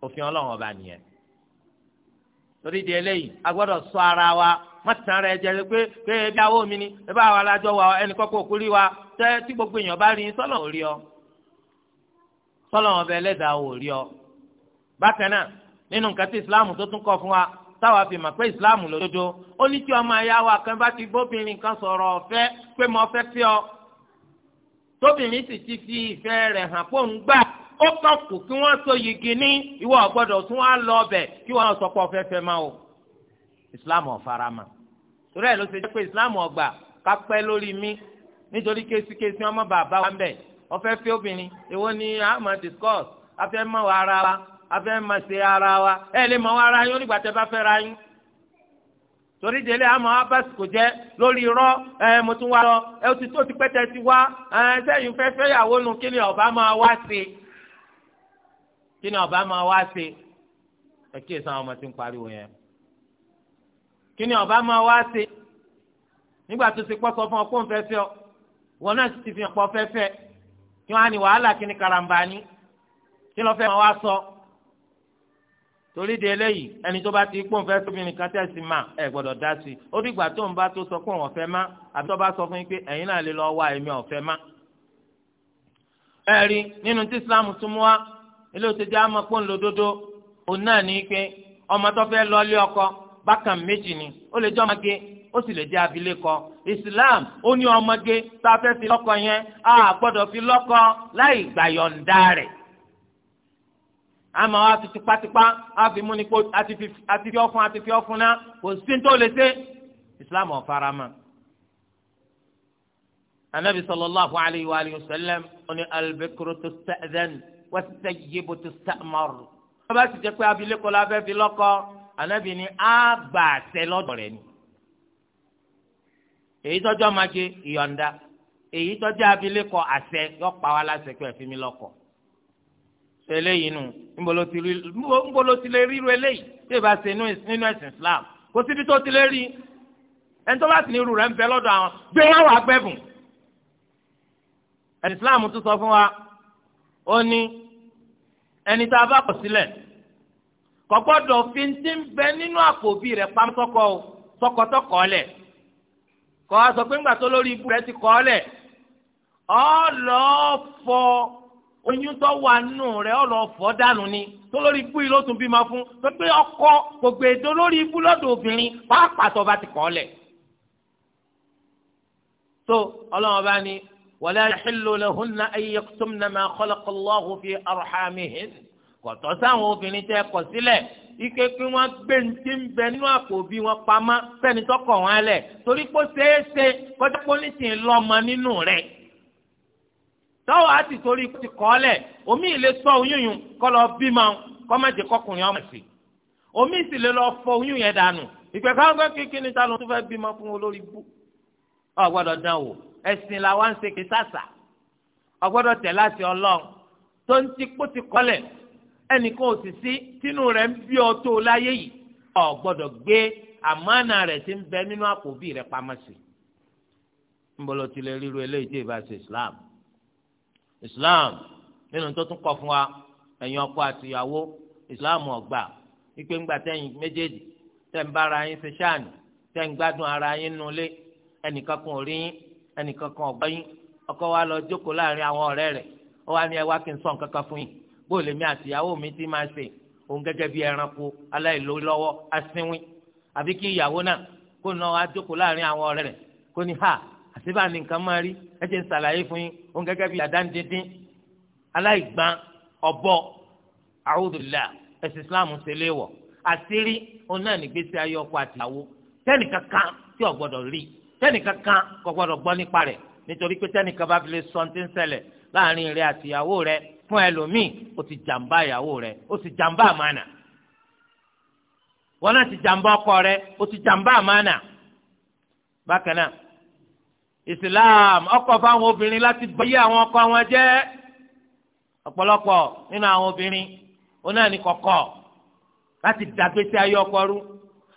òfin ọlọ́run ọba nìyẹn torí di eléyìí a gbọ́dọ̀ ṣọ́ ara wa má ti sanra ẹjẹ pé pé ebi awo mi ni ebi awo alájọ wa ẹnì kọ́kọ́ òkú rí wa tẹ tí gbogbo èèyàn bá rí sọ́nà ò rí ọ sọ́nà ọbẹ̀ ẹlẹ́dàá ò rí ọ bákan náà nínú nǹkan tí islam tó tún kọ fún wa táwa fi mọ̀ pé islam lòdodo ó ní tí ọmọ ẹ̀yà wa kan bá ti bóbìnrin kan sọ̀rọ̀ ọ̀fẹ́ pé mo fẹ́ fi ọ tóbìnrin sì ti fi ìfẹ́ rẹ̀ hàn pé òun gbà ó kàn kù kí wọ́n so yìgì ní ìwọ ọ̀gbọ́dọ̀ tún wá lọ ọbẹ̀ kí wọ́n sọ pé ọ̀fẹ́ fẹ́ máa o islam ọ̀farama torí ẹ̀ ló ṣe jẹ́ pé islam ọ̀gbà kápẹ́ lórí mi nítorí kéésìkéésì ọmọ bàbá wa ń bẹ̀ ọ̀fẹ́ fẹ́ obìnrin èwo ni a máa discuss afẹ́ mọ́ wa ara wa afẹ́ ma ṣe ara wa ẹ lè mọ ara yín onígbà tẹ bá fẹ́ ra yín torí délé àmọ́ abásìkò jẹ́ lórí irọ́ ẹ mo tún wá lọ ẹ ti tó ti pẹ́tẹ́ ti wá ẹ sẹ́yìn fẹ́ fẹ́yàwó nu kí ni ọba máa wá sí kí ni ọba máa wá sí ẹ kí èso àwọn ọmọ ti ń pariwo yẹn kí ni ọba máa wá sí nígbà tó ti pọ́ sọ fún ọ kó n fẹ́ fẹ́ ọ wọn náà ti fi hàn pọ́ fẹ́ kí wọ́n á ní wàhálà kí ni karambani kí lọ́ fẹ́ máa wá sọ. So torí di eléyìí ẹni tó bá ti pọ́n fẹ́ sóbìnrin kan tẹ̀ ma ẹ gbọ́dọ̀ dá sí i ó dìgbà tó ń bá tó sọ pé òun ọ̀fẹ́ má àbí tó bá sọ fún yín pé ẹ̀yin náà lè lọ wá èmi ọ̀fẹ́ má. ẹ̀rí nínú tí Islam tún mú wa ilé òtẹ́jú àmọ́ pọ́n lódodo òun náà ní pé ọmọ tó fẹ́ lọ lé ọkọ bákan méjì ni ó lè jọ́ ọmọge ó sì lè jẹ́ abilékọ Islam ó ní ọmọge tá a fẹ́ fi lọ́kọ yẹn àmọ́ wa fi tipátipá a fi mú ni pé àti fi ọ̀fun àti fi ọ̀fun náà kò sí ní tó lè ṣe islam ọ̀fara mọ́. anabi sallallahu alayhi wa alihi wa sallam oní albikuru tusta'dhan was-sayyibu tusta'mar. wọ́n bá ti jẹ́ pé abilékọ la fẹ́ fi lọ́kọ anabi ni a gbà àṣẹ lọ́dọ̀ ni. èyí tọ́jú ọmọge ìyọ̀ǹda èyí tọ́jú abilékọ àṣẹ yọ pa wá láṣẹ pé ẹ fi mí lọ́kọ eléyìí nù ńbolo ti lè ríru eléyìí tí ìbá ṣe nínú ẹ̀sìn Islam kò síbi tó ti lè rí ẹni tó bá sì ní irú rẹ̀ ń bẹ lọ́dọ̀ àwọn gbé wọn wà gbẹ́bùn. ẹ̀sìn Islam tún sọ fún wa ó ní ẹni tá a bá kọ̀ sílẹ̀ kò gbọ́dọ̀ fi ti ń bẹ nínú àpòbí rẹ̀ pamọ́sọ́kọ tọkọtọkọ lẹ̀ kọ́ a sọ pé ńgbà tó lórí ibú rẹ̀ ti kọ́ lẹ̀ ọ́ lọ́ọ́ fọ́ oyún tó wà nù rẹ̀ ọ̀ lọ fọ́ dànù ni tó lórí ibú yìí ló tún bímọ fún tó pé ọkọ gbogbo èdè e lórí ibú lọ́dọ̀ obìnrin pàápàá tó bá ti kọ́ lẹ̀. tó ọlọ́wọ́n bá ní wala yahillu lahunna an yaktumna ma khalaqa Allahu fi arhamihin kọ̀tọ́ sáwọn obìnrin tẹ́ kọ̀ sílẹ̀ ike kí wọ́n gbé ntí ń bẹ nínú àpò bí wọ́n pamọ́ fẹ́ni tọkọ̀ wọn lẹ̀ torí pé ó ṣeé ṣe kọ́tẹ́pọ́nìtì tọ́wọ́ á ti torí ti kọ́lẹ̀ omi ìlé sọ oyún yun kọ́ lọ bímọ kọ́mẹ́jẹ kọkùnrin ọmọ sí omi sì lè lọ fọ oyún yẹn dànù ìgbẹ́ káwọn kékeré níta ló tún fẹ́ bímọ fún olórí bú ọ gbọ́dọ̀ dán wò ẹ̀sìn làwa ń ṣe kí sàṣà ọ gbọ́dọ̀ tẹ̀ láti ọlọ́run tó ń ti kó ti kọ́lẹ̀ ẹnìkan ò sì sí tínú rẹ̀ ń bí ọ tó láyé yìí ọ gbọ́dọ̀ gbé àmánà rẹ̀ ti ń bẹ nínú àpòbí rẹ̀ pamọ́ sí ń bọ́ lọ ríru eléyìí tí ì islam nínú tó tún kọ́ fún wa ẹ̀yin ọkọ àti ìyàwó islam ọ̀gbà wípé ńgbà tẹ́yìn méjèèjì tẹ́ ń bára yín ṣe ṣáàní tẹ́ ń gbádùn ara yín nulẹ̀ ẹnìkan kan ò rí yín ẹnìkan kan ò gbọ́ yín ọkọ wa lọ jókòó láàrin àwọn ọ̀rẹ́ rẹ̀ ó wá ní ẹ wá kí n sọ nǹkan kan fún yín bóò lèmi àti ìyàwó mi ti máa ṣe òun gẹ́gẹ́ bí ẹranko aláìlólọ́wọ́ asínwín àbí kí ìyàwó náà kó náà wá jókòó láàrin àwọn ọ̀rẹ́ rẹ̀ kó ní ha àṣìbá ni nǹkan máa rí ẹ ti ń ṣàlàyé fún yín òun gẹ́gẹ́ bí àdáńdíndín aláìgbọ́n ọ̀bọ àwùdùlà ẹ̀sìn islam ṣe léwọ̀ àṣírí òun náà nígbésí ayé ọkọ àtìyàwó tẹ́nìkan kan tí ò gbọ́dọ̀ rí tẹ́nìkan kan kò gbọ́dọ̀ gbọ́ nípa rẹ̀ nítorí pé tẹ́nìkan bá fi lè sọ ti ń ṣẹlẹ̀ láàrin rẹ̀ àtìyàwó rẹ̀ fún ẹlòmíì ó ti jàǹbá ìyàwó rẹ̀ ó ti jàǹbá àmànà wọn náà ti jàǹbá ọkọ rẹ̀ ó ti jàǹbá àmànà bákan náà islam ọkọ fáwọn obìnrin láti báyé àwọn ọkọ wọn jẹ́ ọ̀pọ̀lọpọ̀ nínú àwọn obìnrin onáà ní kọ̀kọ̀ láti dàgbèsè ayé ọkọ rú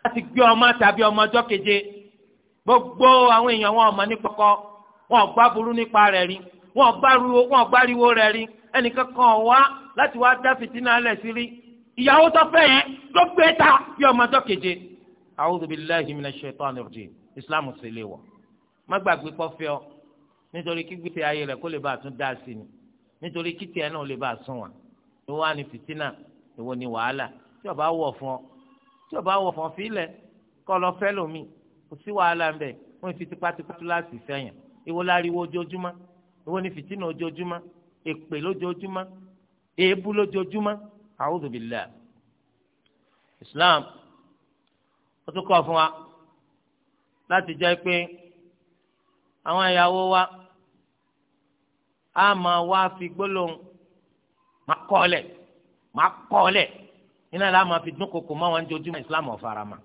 láti gbé ọmọ tàbí ọmọ ọjọ́ keje gbogbo àwọn èèyàn wọn ọmọ ní kọ̀kọ̀ wọn gbá burú nípa rẹ̀ rí wọn gbá ruwo wọn gbá riwo rẹ̀ rí ẹnìkan kan wá láti wá dá fìtínà lẹ̀ sí rí ìyàwó tó fẹ́ yẹn ló gbé ta bí ọmọ ọjọ́ keje. a'udhu billahi minash shaitani rajim islam ṣe lè wọ̀ má gbàgbé kó fẹ́ ọ nítorí kí gbèsè ayé rẹ kó lè bá a tún dá sí ni nítorí kí tiẹ̀ náà lè bá sún wa ìwọ ni fìtínà ìwọ ni wàhálà tí o bá wọ̀ fún ọ tí o bá wọ̀ fún ọ fílẹ̀ kọ́ lọ fẹ́ lómi kò sí wàhálà ń bẹ̀ wọ́n fi tipátipá tú láti fẹ́yàn ìwọ láriwo ojoojúmọ́ ìwọ ni fìtínà ojoojúmọ́ èpè lójoojúmọ́ èébú lójoojúmọ́ a'udhu billah Islam ó tún kọ́ fún wa láti jẹ́ pé. àwọn ìyàwó wa a máa wá fi gbólóhùn máa kọ́ ọ lẹ̀ máa kọ́ fi dún máa wọn jojúmọ́ islam ọ̀farama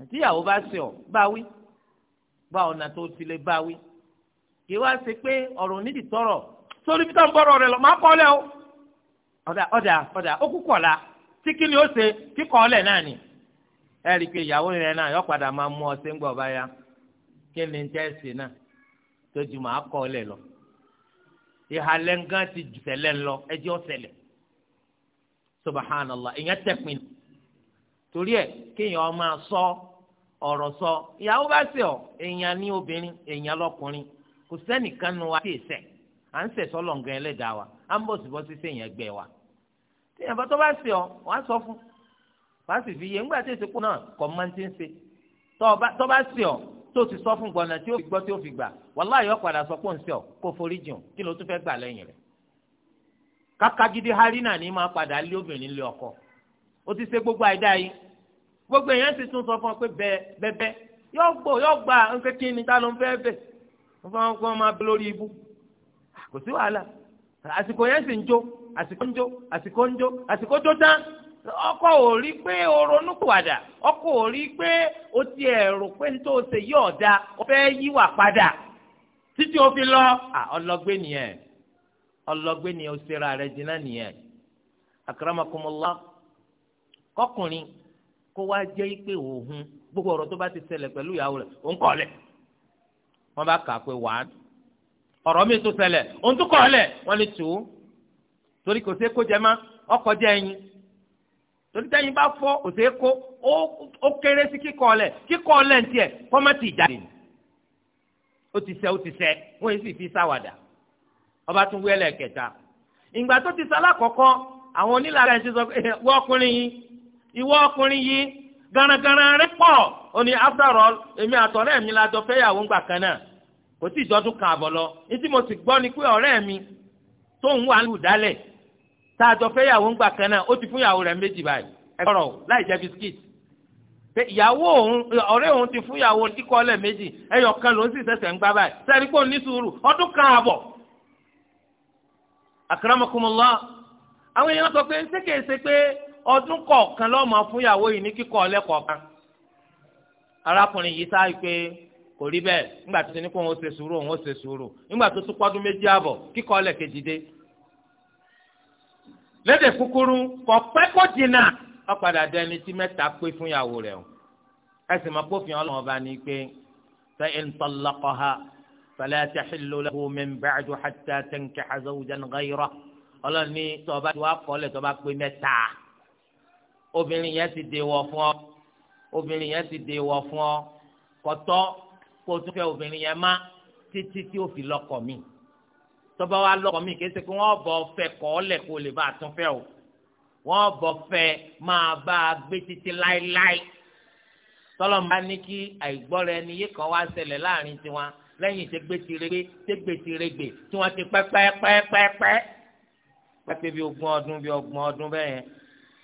àti ìyàwó bá ọ báwí bá ọ̀nà tó ti báwí kì í wá ṣe pé ọ̀rọ̀ nídìí tọrọ sórí bí ń bọ̀rọ̀ rẹ lọ máa kọ́ ọ lẹ̀ o ọ̀dà ọ̀dà ọ̀dà ó kú tí kí ni ó ṣe kí ni tẹ́sí náà tó kọ́ ọ lọ ìhàlẹ̀ ti jù sẹ́lẹ̀ lọ ẹjẹ́ ọ̀sẹ̀lẹ̀ subahánàlá ìyẹn tẹ̀pin torí ẹ kéèyàn ọmọ sọ ọ̀rọ̀ sọ ìyàwó bá sè ọ èèyàn ní obìnrin èèyàn lọkùnrin kò à ń sẹ̀ ẹlẹ́dàá wa à ń bọ̀ sí wa bá tó fi yé ńgbà tí èsì kú náà kọ́ ti ń ṣe tó ti sọ fún gbọ̀nà tí ó fi gbọ́ tí ó fi gbà wàláhì ó padà sọ pé òun sọ kó forí jìn kí ló tún fẹ́ gbà lẹ́yìn rẹ̀ Kàkà máa padà lé obìnrin lé ọkọ ó ti ṣe gbogbo àìdá yìí gbogbo èèyàn sì tún sọ fún ọ pé bẹ́ẹ̀bẹ́ yóò gbà ń kí ni ta ló ń ọkọ ò rí pé o ronúpìwàdà ọkọ ò rí pé o ti pé n tó ṣe yí ọ̀dà o fẹ́ padà títí o fi lọ ọlọgbẹ́ nìyẹn ọlọgbẹ́ nìyẹn o ṣera rẹ jìnnà nìyẹn kọkùnrin kó wá jẹ́ gbogbo ọ̀rọ̀ tó bá ti ṣẹlẹ̀ pẹ̀lú ìyàwó rẹ̀ òun kọ̀ lẹ̀ wọ́n bá kà pé wàá ọ̀rọ̀ mi tó ṣẹlẹ̀ òun tó kọ̀ lẹ̀ wọ́n ní torí tẹ́yìn bá fọ́ òsè kó ó kéré sí kíkọ́ ọ̀lẹ̀ kíkọ́ ọ̀lẹ̀ ń tiẹ̀ kọ́mọ́tì ìjáde ni ó ti sẹ́ ó ti sẹ́ wọ́n yìí sì fi sáwàdà ọba tún wíẹ́lẹ̀ kẹta ìgbà tó ti sálá kọ̀ọ̀kan àwọn onílàrá ẹ̀ ti sọ pé ìwọ ọkùnrin yìí ìwọ ọkùnrin yìí garagaran rẹ pọ̀ ó ní after all èmi àtọ̀rẹ́ mi la jọ fẹ́yàwó ńgbà kan náà kò tí ìjọ́dún kan àbọ̀ lọ ni pé ọ̀rẹ́ ta a jọ fẹ́ yàwó ń gbà kan ó ti fún yàwó rẹ̀ méjì báyìí ẹ láì jẹ́ ti fún ìyàwó tíkọ́lẹ̀ méjì ẹyọ kan ló ń sì sẹ̀sẹ̀ ń gbá báyìí sẹ́ni kan àbọ̀. akara àwọn èèyàn sọ pé ṣé pé ọdún kọ̀ọ̀kan ló fún ìyàwó yìí ní kíkọ́ arákùnrin yìí sáà pé kò rí bẹ́ẹ̀ nígbà tó ti ní kó òun ṣe sùúrù òun ṣe sùúrù lédè kúkúrú kò pẹ́ kó jìnnà ó padà dé ẹni tí mẹ́ta pé fún ìyàwó rẹ̀ o ẹsì máa kófin ọlọ́wọ́n bá ní pé fa in tallaqaha fala tahillu lahu min ba'du hatta tankiha zawjan ghayrahu ọlọ́ni tọ́ba tí wàá kọ́ lẹ̀ tọ́ba pé mẹ́ta obìnrin yẹn ti dèwọ̀ fún ọ obìnrin yẹn ti dèwọ̀ fún ọ kọ́tọ́ kó tún fẹ́ obìnrin yẹn má títí tí ó fi lọ́kọ míì tọ́ba wa lọ́kọ mi kì í ṣe pé wọ́n bọ̀ fẹ́ kọ́ lẹ̀ kó lè bá a tún fẹ́ o wọ́n bọ̀ fẹ́ máa bá a gbé títí láéláé tọ́lọ́mùbá ní kí àìgbọ́ra ẹni yé kan wá ṣẹlẹ̀ láàrin tiwọn lẹ́yìn tí gbèsèrègbè tí gbèsèrègbè tí wọ́n ti pẹ́pẹ́pẹ́pẹ́pẹ́ pẹ́pẹ́ bíi ogún ọdún bíi ọgbọ̀n ọdún bẹ́ẹ̀ yẹn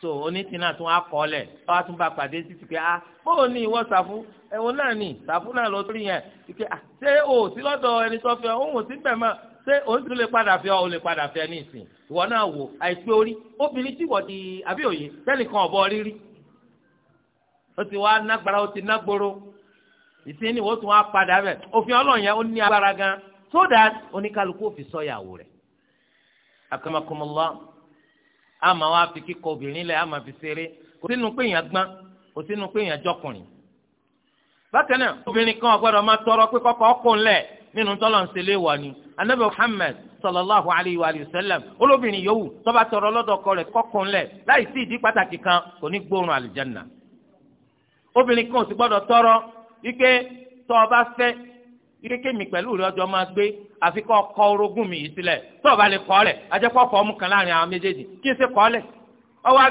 so onítìnnà tún á kọ́ lẹ̀ wọ́n á tún bá pàdé sí tìpé ah bóò ní ìwọ sàfú ẹ̀wọ̀n náà ní sàfú náà lọ sí yẹn tìpé ah ṣé o sí lọ́dọ̀ ẹni tó fẹ́ òun ò sí bẹ̀ mọ́ ṣé òun tún lè padà fẹ́ ọ lè padà fẹ́ ní ìsìn ìwọ náà wò àìpé orí obìnrin tí wọ́n di àbí òye sẹ́nìkan ọ̀bọ rírí o ti wá nágbára o ti nágboro ìsìn ni wọ́n tún wá padà bẹ̀ òfin so that fi sọ́yàwó rẹ̀ akamakomọlá àmà wa fi kíkọ obìnrin lẹ̀ àmà fi ṣeré kò sínú pé èèyàn tọrọ pé nínú tọ́lọ̀ ń sẹlẹ̀ wà ní anabi muhammed sallallahu alayhi wa sallam olóbìnrin yòówù tó tọrọ lọ́dọ̀ ọkọ rẹ̀ kọ́kùn lẹ̀ láì sí ìdí pàtàkì kan kò ní gbóòórùn obìnrin kan ò tọrọ wípé tó o fẹ́ mi pẹ̀lú ọjọ́ gbé àfi kọ orogún mi yìí sílẹ̀ o lè kọ́ lẹ̀ ajẹ́kọ́ ọmú kan láàrin àwọn méjèèjì kí n ṣe kọ́ lẹ̀ ọwọ́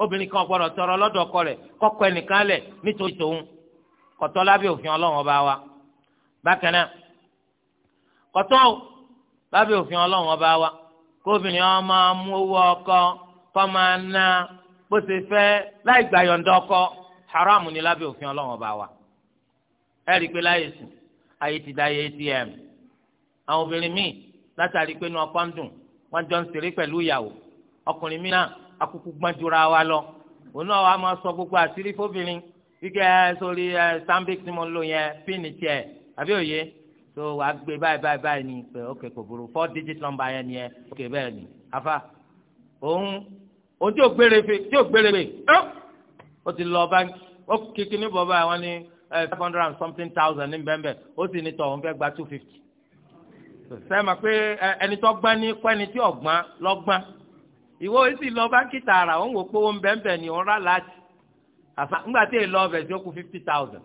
agbébì náà bákan náà kọtọ́ lábẹ́ òfin ọlọ́run ọba wa kóbìnrin ọmọ mú owó ọkọ kọ́ máa ná bó ṣe fẹ́ láì gbà yọ̀ǹda ọkọ haramu ni lábẹ́ òfin ọlọ́run ọba wa ẹ rí i pé láyé sùn ayé ti da ayé atm àwọn obìnrin míì látàrí pé inú ọkọ ń dùn wọn jọ ń ṣeré pẹ̀lú ìyàwó ọkùnrin míì náà akuku gbọ́njura wa lọ òun náà wàá máa sọ gbogbo àṣírí fóbìnrin wíkẹ́ sórí sambix tí mo lò yẹn píìnì tiẹ̀ àbí òye tó wàá gbé báyìí báyìí báyìí ni pé ok kò burú four digit number yẹn ni ẹ ok bẹ́ẹ̀ ni afa òun òun tí ò gbére fe tí ò gbére fe ó ti lọ báńkì ó kékeré bọ̀ báyìí wọ́n ní eh, five hundred and something thousand ní bẹ́ẹ̀ bẹ́ẹ̀ ó sì ní tọ̀ òun fẹ́ gba two fifty sẹ́mi eh, pé ẹni tó gbọ́n ní kọ́ ẹni tí ọ̀gbọ́n lọ́gbọ́n ìwọ sì lọ báńkì tààrà òun wò pé òun bẹ́ẹ̀ bẹ́ẹ̀ ni òun rà láti àfa ńgbà tí èèlọ ọbẹ̀ tí ó kù fifty thousand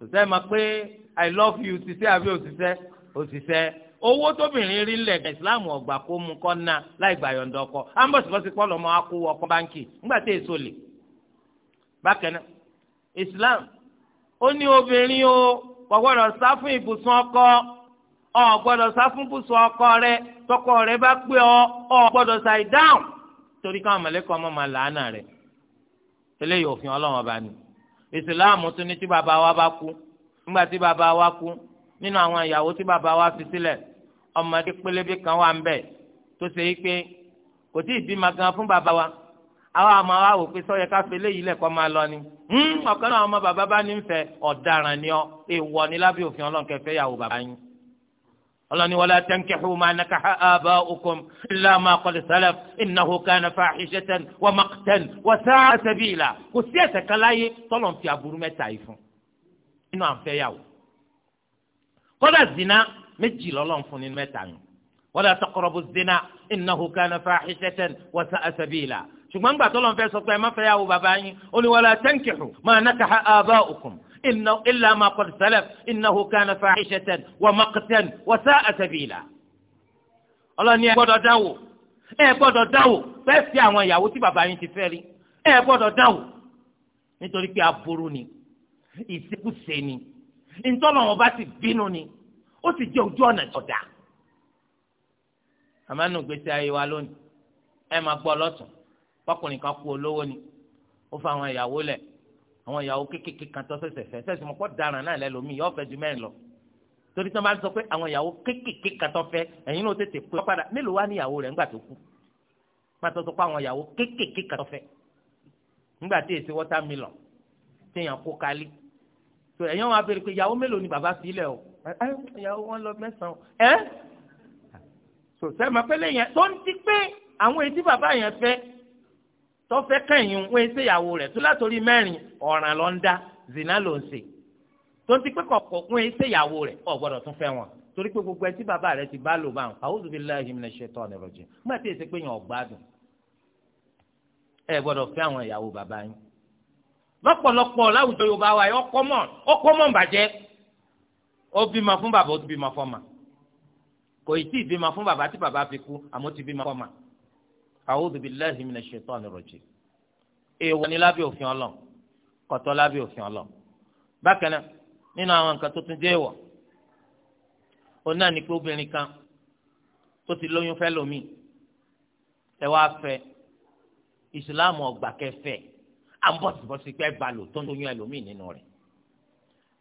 sọsẹ ma pé i love you òṣìṣẹ́ àbí òṣìṣẹ́ òṣìṣẹ́ owó tóbìnrin rí lẹ islam ọgbà kó mu kọ ná láì gbà yọ̀ǹda ọkọ ambọ̀sibọ́sí pọ́lọ́ máa kó ọkọ báńkì nígbà tí èso lè bákan náà islam ó ní obìnrin o kò gbọ́dọ̀ sá fún ibùsùn ọkọ ọ gbọ́dọ̀ sá fún ibùsùn ọkọ rẹ tọkọ rẹ bá pé ọ ọ gbọ́dọ̀ sàì dáhùn torí káwọn mọ̀lẹ́kọ̀ ọmọ màá làánà rẹ eléyìí òfin ọlọ́wọ́n bá ní ìsìláàmù tún ní tí bàbá wa bá kú nígbà tí bàbá wa kú nínú àwọn ìyàwó tí bàbá wa fi sílẹ̀ ọmọdé pélébé kan wà ń bẹ̀ tó ṣe é pé kò tí ì bímọ gan fún bàbá wa àwa àmọ́ wa wò pé sọ́yẹ ká fi eléyìí lẹ̀kọ́ máa lọ ni hmm, ọ̀kan náà ọmọ bàbá bá ní ń fẹ́ ọ̀daràn ni ọ èèwọ̀ ni lábẹ́ òfin ọlọ́nkẹ́fẹ́ yàwó bàbá yín الله ولا تنكحوا ما نكح آباؤكم إلا ما قال سلف إنه كان فاحشة ومقتا وساعة سبيلا قسيت كلاي طلم في أبو رمي تايفون إنو أم في يو قد الزنا مجي للهم فنين متعن ولا تقربوا الزنا إنه كان فاحشة وساعة سبيلا شو مانبا طلم في سطوة ما في يو باباين ولا تنكحوا ما نكح آباؤكم إلا ما قد سلف إنه كان فاحشة ومقتا وساء سبيلا ọlọ́ni ẹ gbọ́dọ̀ dáwò ẹ gbọ́dọ̀ dáwò fẹ́ẹ́ fi àwọn ìyàwó tí bàbá yín ti fẹ́ rí ẹ gbọ́dọ̀ dáwò nítorí pé aburú ni ìṣekúṣe ni ntọ́nà wọn bá ti bínú ni ó sì jẹ́ ojú ọ̀nà ìjọba. àmánù gbèsè ayé wa lónìí ẹ máa gbọ́ lọ́tún ọkùnrin kan kú olówó ni ó fa àwọn ìyàwó lẹ̀ àwọn ìyàwó kékèké kan tó ṣẹ̀ṣẹ̀ fẹ́ sẹsẹ mọ kọ daran náà lẹ lómi yọọ fẹ́ ju mẹ́rin lọ torí tí wọn bá sọ pé àwọn ìyàwó kékèké kan tó fẹ́ ẹ̀yin náà tètè pé padà mélòó wá ní ìyàwó rẹ̀ ńgbà tó kú má tó sọ pé àwọn ìyàwó kékèké kan tó fẹ́ ńgbà tí èsì wọ́tàmílọ̀ tí èèyàn kó kálí tó ẹ̀yin wọn abẹ́rẹ́ pé ìyàwó mélòó ni bàbá fi ilẹ̀ o ìyàwó wọn lọ mẹ́sàn-án ẹ́ sọ̀tẹ́ mọ̀ pé lẹ́yìn tó ń ti pé àwọn ètí bàbá yẹn fẹ́ tọ́fẹ́ kẹ́yìn wọ́n ṣe ìyàwó rẹ̀ tó látòrí mẹ́rin ọ̀ràn ló ń dá zina ló ń ṣe tó ń ti pé kọ̀ọ̀kọ̀ wọ́n ṣe ìyàwó rẹ̀ ò gbọ́dọ̀ tún fẹ́ wọn torí pé gbogbo ẹ tí bàbá rẹ̀ ti bá lò bá wọn a'udhu billahi minash shaitonir rajim nígbà tí èsì pé yàn ọ̀gbádùn ẹ gbọ́dọ̀ fẹ́ àwọn ìyàwó bàbá yín lọ́pọ̀lọpọ̀ láwùjọ Yorùbá wa yọ kọ́mọ̀ ọ kọ́mọ̀ bàjẹ́ ó bímọ a'udhu billahi minash shaitani rajim èèwọ̀ ni lábẹ́ òfin ọlọ́ kọ̀tọ́ lábẹ́ òfin ọlọ́ bákan náà nínú àwọn nǹkan tó tún jẹ́ èèwọ̀ òun náà ni pé obìnrin kan tó ti lóyún fẹ́ lómi ẹ wá fẹ́ ìsìláàmù ọgbà kẹfẹ́ à ń bọ̀sibọ̀sì pẹ́ balò tó ń lóyún ẹlòmíì nínú rẹ̀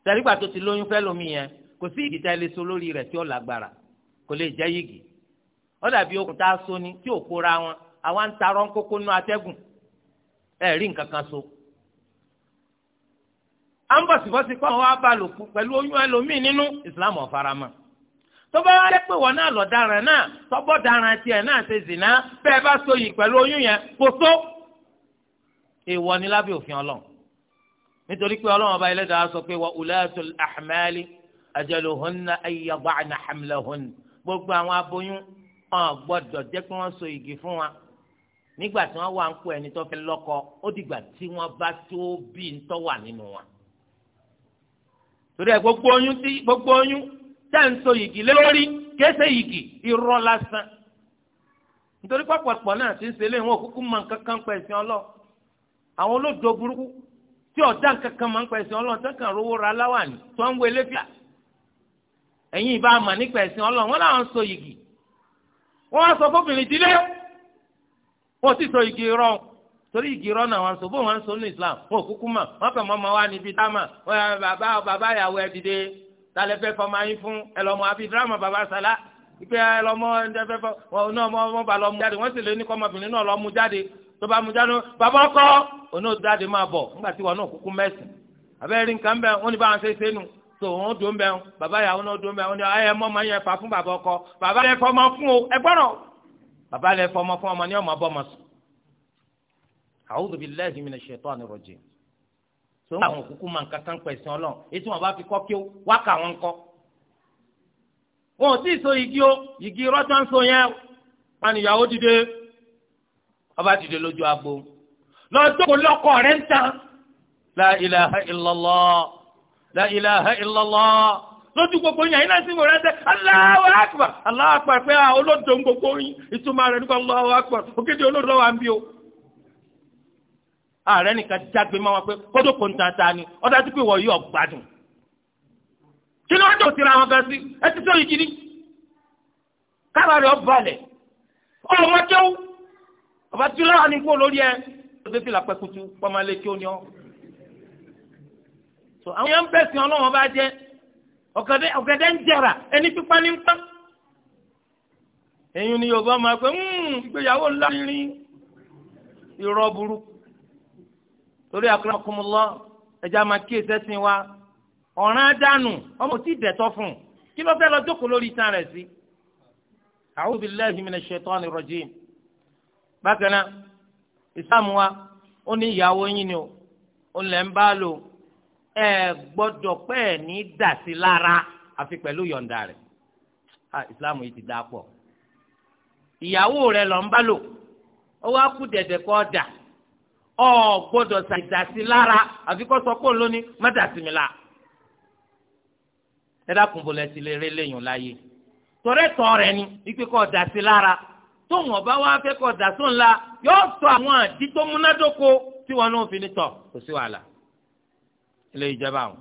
tẹ̀rígbà tó ti lóyún fẹ́ lómi yẹn kò sí ìdí tẹ́lẹ̀ so lórí rẹ̀ tí ó lágbára kò lè jẹ́ yìgì ó dàbí okùn tá a so ni tí ò kóra wọn àwa ń tarọ́ ń kókó nú atẹ́gùn ẹ̀ rí nǹkan kan so. à ń bọ̀ sí bọ́sí pé àwọn abá lò pẹ̀lú oyún ẹlòmíì nínú ìsìlámù ọ̀farama tó bá wá pé wọn náà lọ dáràn náà tọ́gbọ́ dáràn tiẹ̀ náà ṣe zìnà bẹ́ẹ̀ bá so pẹ̀lú oyún yẹn kò tó èèwọ̀ ni lábẹ́ òfin ọlọ́run nítorí pé ọlọ́run ọba ẹlẹ́dàá sọ pé wa ulatul ahmali ajaluhunna ay yada'na hamlahunna gbogbo àwọn aboyún wọn gbọ́dọ̀ jẹ́ pé wọ́n so igi fún nígbà tí wọ́n wà ń kó ẹni tó fẹ́ lọ́kọ ó dìgbà tí wọ́n bá tó bí ń tọ́ wà nínú wọn. torí ẹ gbogbo oyún tí gbogbo oyún tẹ́ ń so yìgì lórí kése yìgì irọ́ lásán nítorí pọ̀pọ̀pọ̀ náà ti ń ṣe lé wọn òkúkú máa ń kankan pẹ̀ sí ọlọ́ àwọn olódò burúkú tí ọ̀dà kankan máa ń pẹ̀ sí ọlọ́ tẹ́kàn rówó ra láwàní tó ń wọlé fìlà ẹ̀yìn ìbá àmà nípa ẹ̀sìn ọlọ́ wọn làwọn so yìgì wọ́n wá sọ fóbìnrin wọ́n sì sọ igi irọ́ torí igi irọ́ náà wọ́n sọ bó wọ́n sọ ní islam wọ́n kúkú mà wọ́n kàn mọ́ ọmọ wa níbi táàmà bàbá bàbá ìyàwó ẹ̀ dìde talẹ̀ fẹ́ fọmọ ayín fún ẹlọmọ àbí dírámà bàbá sálá ìpè ẹlọmọ ẹ̀ fẹ́ fọmọ náà ọmọ bá lọ mú jáde wọ́n sì lé ní kọ́mọbìnrin náà lọ mú jáde tó bá mu jáde bàbá ọkọ ònà òdáde máa bọ nígbà tí wọn náà kúkú mẹsìn abẹ́rẹ́ rí nǹkan bẹ́ẹ̀ wọ́n ní báwọn ṣe ṣe nù tó wọ́n dùn bẹ́ẹ̀ bàbá yà wọ́n náà dùn bẹ́ẹ̀ wọ́n ní ẹ mọ́ máa yẹ fà fún bàbá ọkọ bàbá yẹ fọ́ fún o ẹ bàbá rẹ̀ fọmọ fún ọmọ ní ọmọ bọ́ ọmọ sùn a'udhu billahi minash shaitanir rajim tó ń bá àwọn òkúkú máa ń kankan pẹ̀sìn ọlọ́run ètò wọn bá fi kọ́ kí ó wá kà wọ́n kọ́ wọn ò tí ì so igi ó igi rọ́tọ́ ń so yẹn wọn ìyàwó dìde ọba dìde lójú agbo lọ́jọ́ kò lọ́kọ rẹ̀ ń tán la ilaha illallah la lójú gbogbo yín àyìn náà sì wòrán sẹ Allahu Akbar Allahu Akbar pé à ah, olódò ń gbogbo yín ìtumọ̀ rẹ̀ nípa Allahu Akbar òkèdè olódò lọ́wọ́ à ń bí o. ààrẹ nìkan jágbe máa wá pé kótó kò ń ta ta ni ọ̀dà tí pé wọ́n kí ni wọ́n tó tira wọn sí ọ ọmọ ọba tí lọ́wọ́ ni ọ̀gẹ̀dẹ̀ ọ̀gẹ̀dẹ̀ ń jẹrà ẹni pípa ní pẹ́. ẹ̀yin ni yorùbá máa pẹ́ hmm, ìgbéyàwó ńlá rí irọ́ burúkú torí akramakumullah ẹja máa kí ẹsẹ̀ sin wa ọ̀ràn àdánù ọmọ tí dẹ̀tọ́ fún un kí ló fẹ́ lọ jókòó lórí itan rẹ̀ sí. a'udhu billahi minash shaitani rajim bákan náà ìsàmù wa ó ní ìyàwó yín ni ó ń lẹ́ ń bá lò ó ẹ gbọ́dọ̀ pẹ́ ẹ̀ ní dàsí lára àfi pẹ̀lú yọ̀ǹda rẹ̀ ha islam yìí ti dáa pọ̀ ìyàwó rẹ̀ lọ ń bá lò ó wá kú dẹ̀dẹ̀ kọ́ dà ọ gbọ́dọ̀ ṣàìdàsí lára àfi kọ́ sọ pé òun lóní má dàsí mi la ẹ dákun bò lè rí léyìn láyé tọ̀rẹ́tọ̀ rẹ̀ ni ikú kọ́ dàsí lára tóun ọba wa fẹ́ kọ́ dàsó ńlá yóò sọ àwọn àdí múnádóko tí wọn náà fi ní tọ̀ kò sí wàhálà ilé ìjọba àwọn.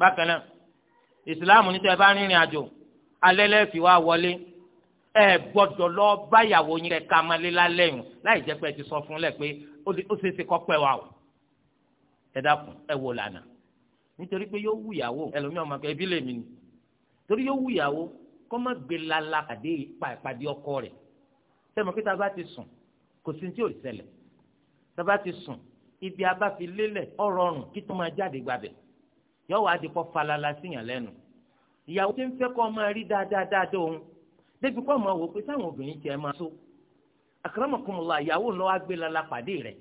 bákan náà ìsìláàmù ní tẹ́ bá rìnrìn àjò alẹ́ lẹ́ẹ̀fì wá wọlé ẹ gbọ́dọ̀ lọ báyàwó yín kẹ ká máa lé lálẹ́ yìí láì jẹ́ pé ẹ ti sọ fún lẹ̀ pé ó ṣeé ṣe kọ́ pẹ́ wa o ẹ dákun ẹ wò lànà nítorí pé yóò wù ìyàwó ẹlòmíràn máa kọ ẹbí lèmi ni torí yóò wù ìyàwó kọ́ má gbé lala pàdé ìpàdé ọkọ rẹ̀ sẹ́mi pé tá a bá ti sùn kò sí ní tí ò ṣẹlẹ̀ tá a bá ti sùn ibi abáfilélẹ̀ ọ̀rọ̀rùn kí tó máa jáde gbàbẹ̀ yọ wá di kọ́ falala síyàn lẹ́nu ìyàwó tí ń fẹ́ kọ́ máa rí dáadáa dáadáa òun débi kọ́ máa wò pé sáwọn obìnrin tiẹ̀ máa so àkàràmọ̀kùnmọ̀lá ìyàwó ńlọ wá gbé lala pàdé rẹ̀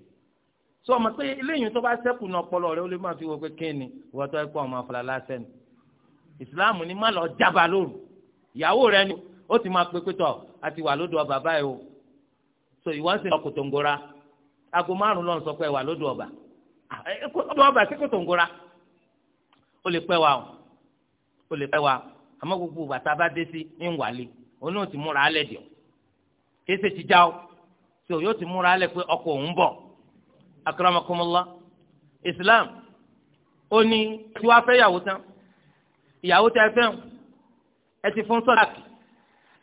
sọ ma pé eléyìí tó bá sẹ́kù náà ọpọlọ rẹ̀ ó lè máa fi wọ pé kéènì wọ́n tó ẹ̀kọ́ ọmọ falala sẹ́nu ìsìláàmù ni má lọ jábà lóru ìyàwó rẹ̀ ni ó ti máa pé àti wà lọ́dọ̀ bàbá yìí o so ìwọ́n sì lọ kòtòǹgòrà aago márùn lọ́n sọ pé wà ọba ọdọ ah, ọba sí kòtò ńgora ó lè pẹ́ o ó lè pẹ́ wa àmọ́ gbogbo bàtà bá dé sí ń wàlé òun náà ti múra alẹ́ dìọ̀ kéésì ti já o tí o yóò ti múra pé Islam ó ní tí wàá yàwó tán ìyàwó tẹ ẹ ti fún sọ́dáàkì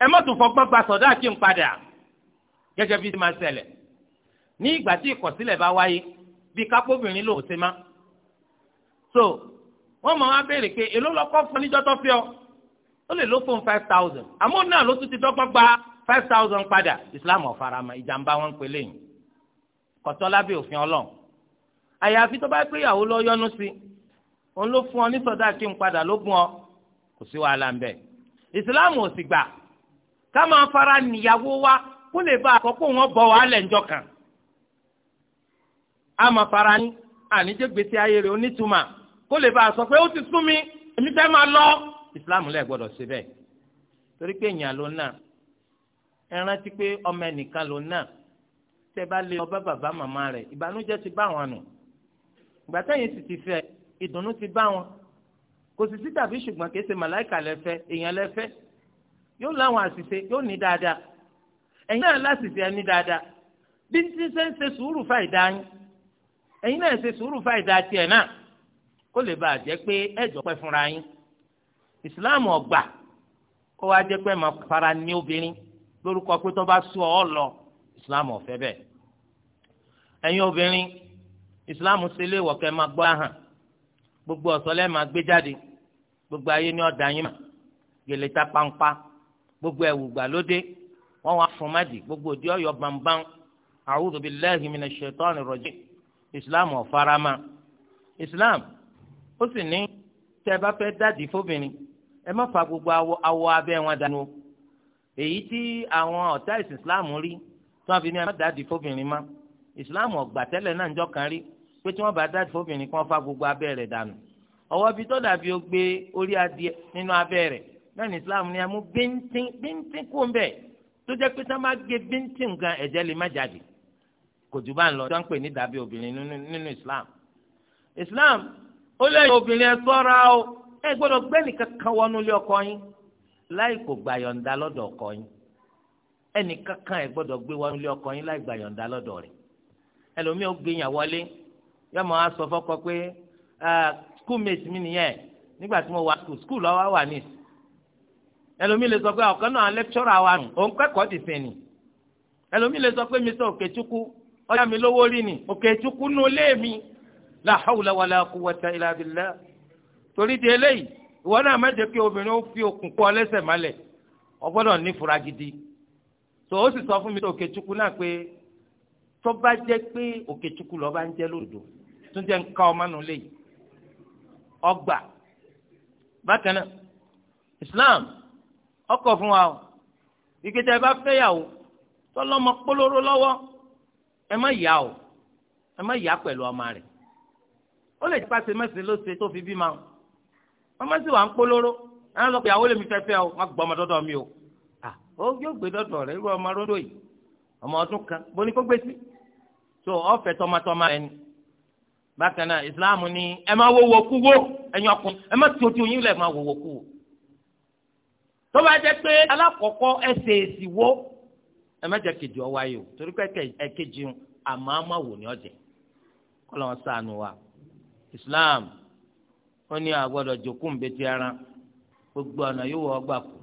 ẹ má fọgbọ́n gba sọ́dáàkì ń padà gẹ́gẹ́ bí ti ní ìgbà tí ìkọ̀sílẹ̀ bá wáyé bí kápóbìnrin ló ṣe má so wọ́n máa wá béèrè pé èló lọ́kọ́ fún níjọ́ tó fi ọ́ ó lè ló fún five thousand àmọ́ náà ló tún ti dọ́gbọ́n gba five thousand padà islam ọ̀farama ìjàmbá wọn ń pè lẹ́yìn kọ̀tọ́ lábẹ́ òfin ọlọ́run àyàfi tó bá pé ìyàwó lọ yọnu sí òun ló fún ọ ní sọdá kí n padà ló gún ọ kò sí wàhálà ń bẹ islam ò sì gbà ká máa fara níyàwó wa kó lè bá àkọ́kọ́ wọn bọ̀ wàhálẹ̀ ńjọ́ kan ama fara ní àníjẹ́ gbèsè ayé rẹ̀ onítùmá kó lè bá a sọ pé ó ti sún mi èmi fẹ́ máa lọ ìsìláàmù lẹ̀ gbọ́dọ̀ ṣe bẹ́ẹ̀ torí pé èèyàn ló náà ẹ rántí pé ọmọ ẹnìkan ló náà tẹ bá lé ọba bàbá màmá rẹ̀ ìbànújẹ́ ti bá wọn nù ìgbà táyìn sì ti fẹ́ ìdùnnú ti bá wọn kò sì sí tàbí ṣùgbọ́n kìí ṣe màláìkà lẹ́fẹ́ èèyàn lẹ́fẹ́ yóò láwọn àṣìṣe yóò ní dáadáa ẹ̀yin náà láṣìṣe ẹni dáadáa bí ti ṣe ń ṣe sùúrù fáìdá yín ẹ̀yin náà ṣe sùúrù fáìdá tiẹ̀ náà kó lè bàa jẹ́ pé ẹ̀jọ̀ pẹ́ fúnra yín ìsìláàmù ọgbà kó wàá jẹ́ pé máa fara ní obìnrin lórúkọ pé tó bá sú ọ lọ ìsìláàmù ọ̀fẹ́ bẹ́ẹ̀ ẹ̀yin obìnrin ìsìláàmù ṣe lé ìwọ̀kẹ́ máa gbọ́ àhàn gbogbo ọ̀sọ́lẹ̀ máa gbé jáde gbogbo ayé ní ọ̀dà yín mà gèlè ta pampa gbogbo ẹ̀wù gbàlódé wọ́n wá fún mádì gbogbo òdi ọ̀yọ́ bàǹbàǹ a'udhu billahi minash shaitani rajim islam ọ̀farama islam ó sì ní tẹ́ ẹ bá fẹ́ dádì fóbìnrin ẹ má fa gbogbo awọ awọ abẹ́ wọn dànù èyí tí àwọn ọ̀tá ìsìn islam rí tí wọ́n fi ní ẹ má dádì fóbìnrin má islam ọ̀gbà tẹ́lẹ̀ náà ń jọ kan rí pé tí wọ́n bá dádì fóbìnrin kí wọ́n fa gbogbo abẹ́ rẹ̀ dànù ọwọ́ bíi tó dàbí o gbé orí adìẹ nínú abẹ́ rẹ̀ náà ní islam ní ẹ mú bíntín bíntín kú ń bẹ̀ tó jẹ́ pé sábà gé bíntín gan ẹ̀jẹ̀ lè má jáde kò jù bá ń lọ sọ́n pè ní dàbí obìnrin nínú islam islam ó lẹ́yìn obìnrin ẹ sọ́ra o ẹ gbọ́dọ̀ gbé nìkan kan wọnú ilé ọkọ yín láì kò gbà yọ̀ǹda lọ́dọ̀ ọkọ yín ẹnìkan kan ẹ gbọ́dọ̀ gbé wọnú ilé ọkọ yín láì gbà yọ̀ǹda lọ́dọ̀ rẹ̀ ẹlòmíì ó gbé yàn wọlé yọ mọ asọ fọkọ pé schoolmate mi nìyẹn nígbà tí mo wà school school lọ́wọ́ wà ní ẹlòmíì lè sọ pé ọ̀kan náà lecturer wa nù òun kẹ́kọ̀ọ́ ti sẹ́ni ẹlòmíì lè sọ pé mr okechukwu ọjà mi lówó rí ni òkè ìtukú nù lé mi la hawla wala quwwata illa billah torí di eléyìí ìwọ náà má jẹ́ kí obìnrin ó fi okùn kọ́ lẹ́sẹ̀ mọ́lẹ̀ ọgbọ́dọ̀ ní fura gidi tó o sì sọ fún mi òkè ìtukú náà pé tó bá jẹ́ pé òkè ìtukú lọ́ọ́ bá ń jẹ́ lòdò tó jẹ́ ń ká ọmọ nù lé yìí ọgbà bákan náà Islam ọkọ̀ fún wa o ìgbésẹ̀ bá fẹ́yàwó tọ́lọ́mọ polówó lọ́wọ́ ẹ má yà o ẹ má yà pẹ̀lú ọmọ rẹ̀ ó lè jẹ́pá ṣe mẹ́sìn ló ṣe tó fi bí ma o ọmọ sì wà ń polóró ẹ lọ pé àwọn olèmi fẹ́fẹ́ o má gbọ́ ọmọ dọ́dọ̀ mi o ó yóò gbé dọ́dọ̀ rẹ̀ irú ọmọ ròdò yìí ọmọ ọdún kan bó ni kó gbé sí so ọ̀fẹ́ tọmatọma ẹni bákan náà ìsìláàmù ni ẹ má wo wokú wo ẹ̀yin ọkùnrin ẹ má tí o ti oyin lẹ̀ má wo wokú wo tó bá jẹ́ pé alákọ̀ọ́kọ́ ẹsẹ̀ ẹ má jẹ́ kejì ọ wáyé o torí pé ẹ̀kejì àmọ́ àmọ́ wò ni ọ̀jẹ̀ kọ́lọ́ wọn sànù wa Islam ó ní àgbọ̀dọ̀ jòkó ń betí ara gbogbo ọ̀nà yóò wọ ọgbà kù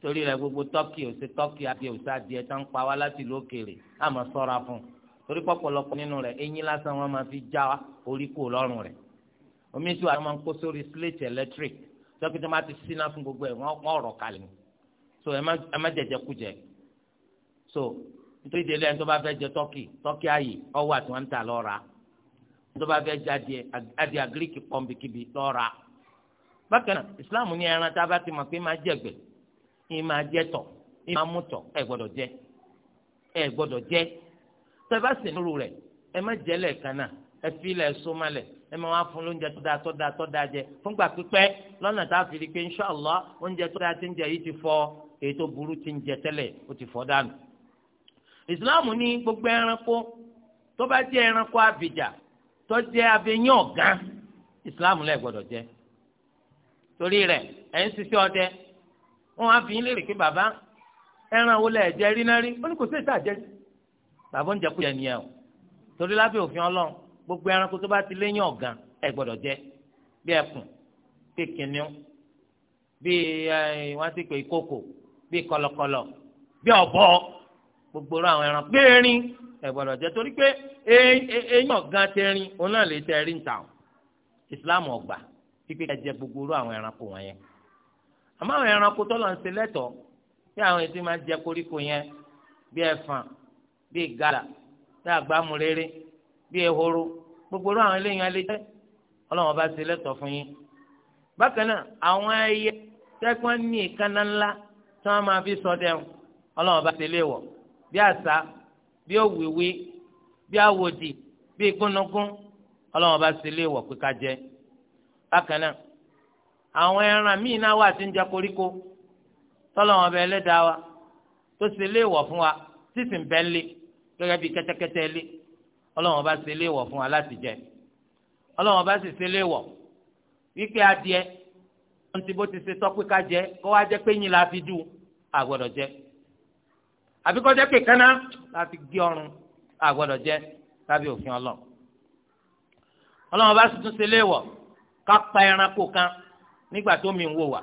torí rẹ gbogbo tọ́kì òsè tọ́kì àti òsè adìẹ tó ń pa wá láti ìlú òkèèrè àmọ́ sọ́ra fún un torí pọ̀pọ̀lọpọ̀ nínú rẹ̀ eyín lásán wọn máa fi já orí kò lọ́rùn rẹ̀ omi tí wàá máa ń kó sórí slate electric tọ́kì máa ti síná fún gbogbo ẹ̀ wọ́n ọ̀rọ̀ kalẹ̀ so ẹ má jẹjẹ kú so nítorí délé ẹni tó bá fẹ́ jẹ tọ́kì tọ́kì ayì ọwọ́ àti wọn ń tà lọ́ra tó bá fẹ́ jẹ adìẹ adìẹ agiriki pọ́nbìkìbì lọ́ra bákan náà islam ní ẹran tá a bá ti mọ̀ pé máa jẹ̀gbẹ́ ìyẹn máa jẹ tọ̀ ìyẹn máa mú tọ̀ ẹ gbọ́dọ̀ jẹ ẹ gbọ́dọ̀ jẹ bá sì nírú rẹ ẹ má jẹ lẹ́ẹ̀kan náà ẹ fi ilẹ̀ ẹ máa wá fún lóúnjẹ tó dáa tó dáa tó dáa jẹ pípẹ́ lọ́nà tá a fi oúnjẹ tó dáa ti ń jẹ yìí ti fọ èyí tó burú ti ń jẹ tẹ́lẹ̀ ó ti dànù. ìsìláàmù ní gbogbo ẹranko tó bá jẹ́ ẹranko abìjà tó jẹ́ abẹyẹn ọ̀gán ìsìláàmù lẹ gbọ́dọ̀ jẹ torí rẹ̀ ẹ ń ṣiṣẹ́ ọdẹ wọn á fi yín lérè pé bàbá ẹran wo lẹ jẹ rí náà rí ó ní kò sí ètò àjẹrí bàbá oúnjẹ kúrò ẹni ẹ o torí lábẹ́ òfin Ọlọ́run gbogbo ẹranko tó bá ti léyìn ọ̀gàn ẹ gbọ́dọ̀ jẹ bí ẹkùn bí kìnìún bí ẹ wọn ti pè kókò bí kọ̀lọ̀kọ̀lọ̀ bí ọ̀bọ gbogbo rẹ àwọn ẹran gbẹrin ẹ gbọ́dọ̀ jẹ torí pé eyín ọgán tẹrin òun náà lè tẹrin ta o islam ọgbà pípé ẹ jẹ gbogbo rẹ àwọn ẹranko wọn yẹn àmọ́ àwọn ẹranko tó lọ ń ṣe lẹtọ bí àwọn ètò máa jẹ koríko yẹn bí ẹfọn bí gàlà bí àgbàmúrere bí ehoro gbogbo rẹ àwọn eléyìí alẹ jẹ Ọlọ́run bá ṣe lẹtọ fún yín bákan náà àwọn ẹyẹ tẹkùn ní ìkànnà ńlá tí wọn máa fi sọdẹ bí àṣà bí òwìwí bí àwòdì bí igúnnugún ọlọ́run ọba sì lè wọ̀ pé ká jẹ bákan náà àwọn ẹran míì náà wà tí ń jẹ koríko tọ́lọ́run ọba ẹlẹ́dàá wa tó sì lè wọ̀ fún wa títì ń bẹ́ lé gẹ́gẹ́ bí kẹ́tẹ́kẹ́tẹ́ lé ọlọ́run ọba sì lè wọ̀ fún wa láti jẹ ọlọ́run ọba sì sì lè wọ̀ wípé adìẹ ohun tí bó ti ṣe tọ́ pé jẹ kó wá jẹ́ pé yín la fi dù àgbọ̀dọ̀ jẹ àbí kọjá pé kánná láti gé ọrùn àgbọ́dọ̀ jẹ lábẹ́ òfin Ọlọ́run Ọlọ́run bá tuntun ṣe léèwọ̀ ká pa ẹranko kan nígbà tó mi ń wò wá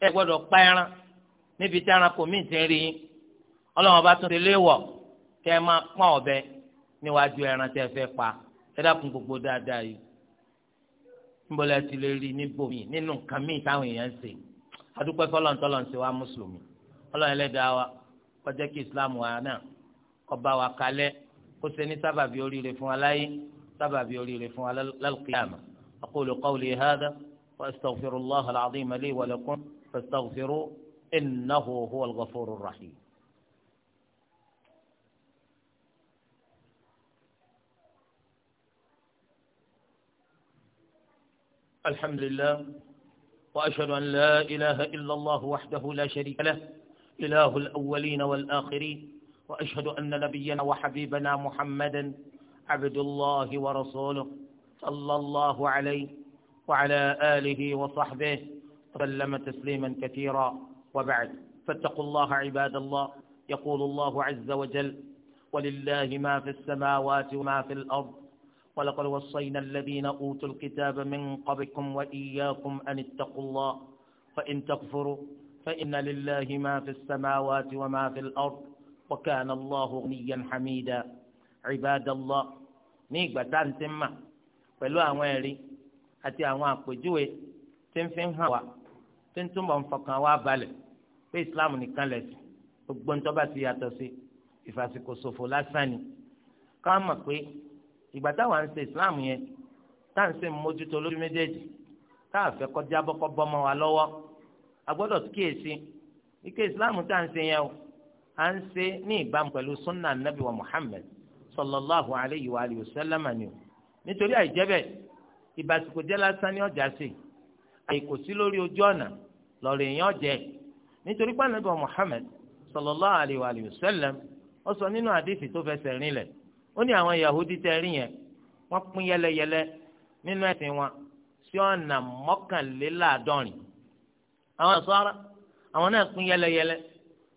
ẹ gbọ́dọ̀ pa ẹran níbi tí ẹranko mi ti ń rí yín Ọlọ́run bá tuntun ṣe léèwọ̀ kẹ́ ẹ máa pọ́n ọ̀bẹ níwájú ẹran tẹ́ fẹ́ pa ẹ dákun gbogbo dáadáa yìí nbọlá ti lè rí níbòmí nínú nǹkan míì táwọn èèyàn ń ṣe adúpẹ́ fọlọ́ntọ́lọ́ ń ṣe wá mùsùlùmí Ọlọ́run ẹlẹ́dàá wa kọjá kí islam wa náà kó bá wa kalẹ̀ kó ṣe ní sábàbí oríire fún aláyé láyé sábàbí oríire fún wa akóló aqulu hada hadha wa astaghfirullaha al-azima li wa lakum fastaghfiru innahu huwa al-ghafuru rahim. الحمد لله واشهد ان لا اله الا الله وحده لا شريك له إله الأولين والآخرين وأشهد أن نبينا وحبيبنا محمدا عبد الله ورسوله صلى الله عليه وعلى آله وصحبه سلم تسليما كثيرا وبعد فاتقوا الله عباد الله يقول الله عز وجل ولله ما في السماوات وما في الأرض ولقد وصينا الذين أوتوا الكتاب من قبلكم وإياكم أن اتقوا الله فإن تكفروا فإن لله ما في السماوات وما في الأرض وكان الله غنيا حميدا عباد الله نيجب تنتم pẹ̀lú àwọn ẹ̀rí àti àwọn àpèjúwe tí ń fi hàn wá tí ń túnbọ̀ ń fọkàn wá balẹ̀ pé islam nìkan lẹ̀sìn gbogbo ń tọ́ba ti yàtọ̀ sí ìfàsìkò ṣòfò lásán ni ká mọ̀ pé ìgbà táwa ń ṣe islam yẹn tá à ń ṣe mójútó lórí méjèèjì tá à fẹ́ kọjá bọ́kọ́ bọ́mọ wa lọ́wọ́ agbọ́dọ̀ kíyèsí ike islam tá à ń ṣe yẹn o à ń ṣe ní ìbámu pẹ̀lú sunna anabi wa muhammed sallallahu alayhi wa alihi wa sallam ni o nítorí àìjẹ́bẹ̀ ìbásíkò jẹ́ lásán ní ọjà sí àìkò sí lórí ojú ọ̀nà lọ́rọ̀ èèyàn jẹ́ nítorí pé anabi wa muhammed sallallahu alayhi wa alihi wa sallam ó sọ nínú àdìsí tó fẹsẹ̀ rinlẹ̀ ó ní àwọn yahudi tẹ́ rí yẹn wọ́n pín yẹlẹyẹlẹ nínú ẹ̀sìn wọn sí ọ̀nà mọ́kànléláàádọ́rin àwọn àṣọra àwọn náà pín yẹlẹyẹlẹ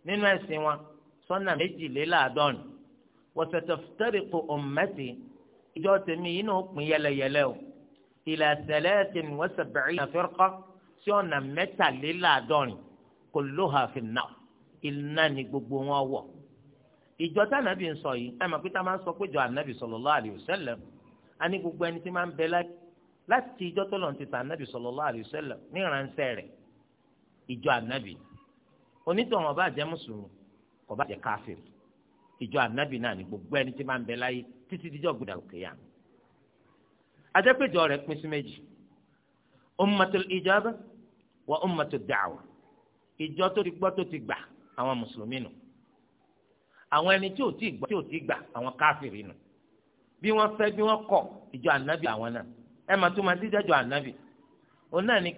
nínú ẹ̀sìn wọn sọ́nà méjìléláàádọ́rin wọ́sẹ̀tọ̀fẹ́tẹ̀rìkù ummati ìjọ tèmi yìí náà pín yẹlẹyẹlẹ o ila salatin wa sab'ina firqa sí ọ̀nà mẹ́tàléláàádọ́rin kulluha fin-nar iná ni gbogbo wọn wọ̀ ìjọ tànàbì ń sọ yìí ẹ mọ̀ pé tá a máa ń sọ pé jọ ànàbì sallallahu alayhi wa sallam a ní gbogbo ẹni tí máa ń bẹ láti ìjọ tó lọ́n ti tà ànàbì sallallahu alayhi wa sallam ní ìránṣẹ́ rẹ̀ ìjọ ànábì onítọ̀hún ọba jẹ́ mùsùlùmí kò bá jẹ́ káfíìn ìjọ ànábì náà ní gbogbo ẹni tí máa ń bẹ láyé títí díjọ́ gbọdọ̀ òkè yá ajẹ́pẹ̀jọ rẹ̀ pín sí méjì ummatul ijaba wa ummatud da'wa ìjọ tó ti gbọ́ tó ti gbà àwọn mùsùlùmí nù àwọn ẹni tí ò tí gbọ́ tí ò tí gbà àwọn káfíìn nù bí wọ́n fẹ́ bí wọ́n kọ̀ ìjọ ànábì àwọn náà ẹ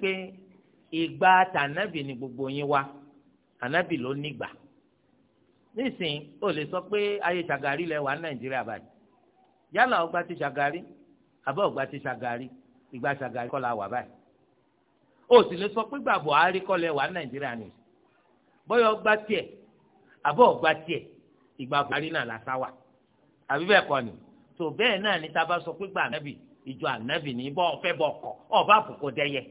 ìgbà tànàbì ni gbogbo yín wá ànàbì ló nígbà nísìnyí o lè sọ pé ayé ṣàgàrí lẹ wà ní nàìjíríà báyìí yálà ọgbà ti ṣàgàrí àbọ̀ ọgbà ti ṣàgàrí ìgbà ṣàgàrí kọ́ la wà báyìí o sì lè sọ pé gbà buhari kọ́ lẹ wà ní nàìjíríà ni bọ́yọ̀ ọgbà tiẹ̀ àbọ̀ ọgbà tiẹ̀ ìgbà buhari náà la sá wà àbí bẹ́ẹ̀ kọ́ ni tó bẹ́ẹ̀ náà ni tá a bá sọ pé gbà ànábì ìjọ ànábì ní bọ́ ọ fẹ́ bọ́ ọkọ̀ ọ àbùkù dẹ́yẹ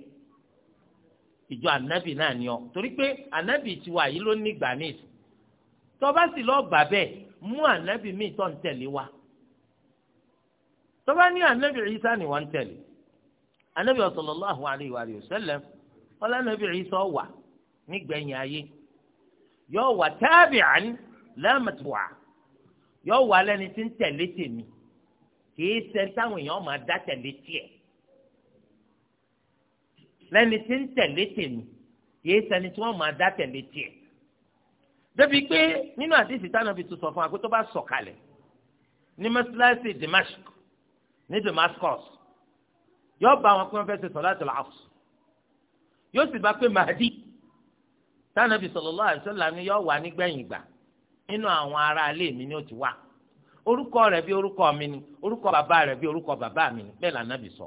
ìjọ ànábì náà ni ọ torí pé ànábì tiwa yìí ló ní ìgbà ní ìsìn tọba sì lọ gbà bẹ́ẹ̀ mú ànábì míì tó ń tẹ̀lé wa tọba ní ànábì Ìsá ni wọ́n ń tẹ̀lé ànábì sallallahu alaihi wa sallam ọlá ànábì Ìsá wà nígbẹ̀yìn ayé yóò wà tabi'an la matbu'a yóò wà lẹ́ni tí ń tẹ̀lé tèmi kì í ṣe táwọn èèyàn máa tẹ̀lé tiẹ̀. lẹ́ni tí ń tẹ̀lé tèmi yéé sẹni tí wọ́n máa dá tẹ̀lé tiẹ̀ débi pé nínú sọ fún wa bá sọ̀kalẹ̀ ní mọ́sálásí Dimashq ní Damascus yóò bá wọn pé wọ́n fẹ́ ṣe sọ̀láàtì làásù yóò sì bá pé Mahdi tánàbí sallallahu alaihi wasallam ni yóò wà nígbẹ̀yìn ìgbà nínú àwọn ará mi ni ó ti orúkọ rẹ bí orúkọ mi ni orúkọ bàbá rẹ bí orúkọ bàbá mi ni bẹ́ẹ̀ sọ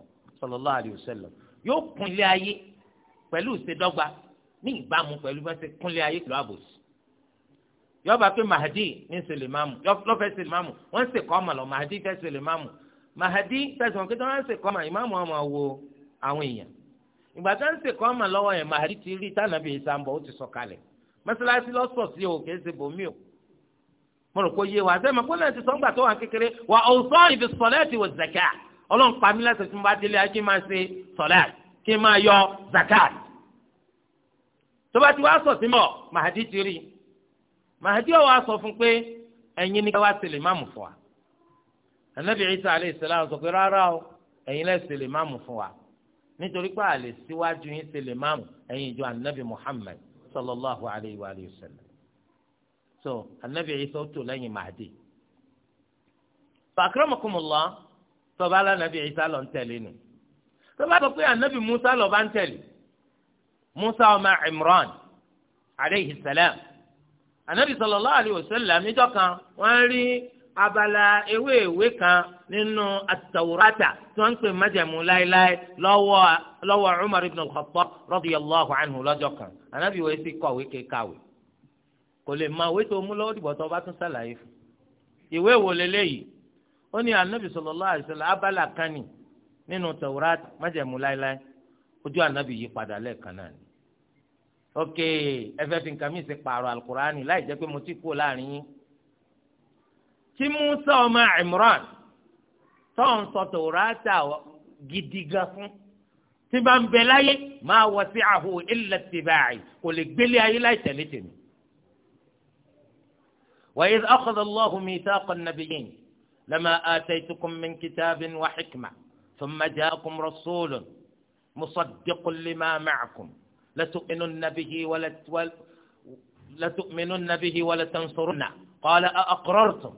yóò kúnlé ayé pẹ̀lú ìṣèdọ́gba ní ìbámu pẹ̀lú bá ṣe kúnlé ayé pẹ̀lú àbòsí yọba pé mahadi ní sèlémàmù lọ́fẹ̀ẹ́ sèlémàmù wọ́n ń sèkọ́ ọmọ lọ mahadi fẹ́ sèlémàmù mahadi fẹsẹ̀ wọn kí wọ́n ń sèkọ́ ọmọ ìmáàmù ọmọ wo àwọn èèyàn ìgbà tó ń sèkọ́ ọmọ lọ́wọ́ yẹn mahadi ti rí tànàbí ìsàmbọ̀ ó ti sọ kalẹ̀ mọ́sálásí lọ́sọ̀ sí o kì í ṣe bòmí o mo rò pé yé wa zakat ọlọ́run pa mí láti fún bá délé ayé kí n máa ṣe sọ̀láàt kí n máa yọ zakat tó bá ti wá sọ sí mọ̀ màhàdí ti rí màhàdí ọ̀ wá sọ fún pé ẹ̀yin ni ká wá ṣe lè má mú fún wa anabi isa alayhi salam sọ pé rárá o ẹ̀yin lẹ́ ṣe má mú fún wa nítorí pé àlè síwájú yín ṣe má mú ẹ̀yin ìjọ anabi muhammad sallallahu alayhi wa sallam so anabi isa ó tò lẹ́yìn màhàdí. fa akramakumullah tọba alánàbì Ìsá lọ ń tẹ̀lé nu tọba sọ pé ànábì Musa lọ bá ń tẹ̀lé Musa ọmọ Imran aleyhi salam ànábì sallallahu alayhi wa sallam níjọ́ kan wọ́n rí abala ewé ìwé kan nínú at-Tawrata tí wọ́n ń pè májẹ̀mú láéláé lọ́wọ́ lọ́wọ́ Umar ibn al-Khattab radiyallahu anhu lọ́jọ́ kan ànábì wo esi kọ̀wé kékàwé kò lè máa wé tó dìbò tó tún sàlàyé fún ìwé wo lélẹ́yìí ó ní anabi sallallahu alaihi wasallam abala kan ní nínú tawrat májẹ̀mú láéláé ojú anabi yí padà lẹ́ẹ̀kan náà ni. ok ẹfẹ fi nǹkan mi ṣe pààrọ̀ alukurani láì jẹ́ pé mo ti kú láàrin yín. tí musa ọmọ imran tó ń sọ tawrat gidi gan fún tí bá ń bẹ láyé máa wasi'ahu illa tiba'i kò lè gbélé ayé láì tẹ̀lé tèmi. wa idh akhadha Allahu mithaqa an لما آتيتكم من كتاب وحكمة ثم جاءكم رسول مصدق لما معكم لتؤمنن به لتؤمنن به ولتنصرنه قال أأقررتم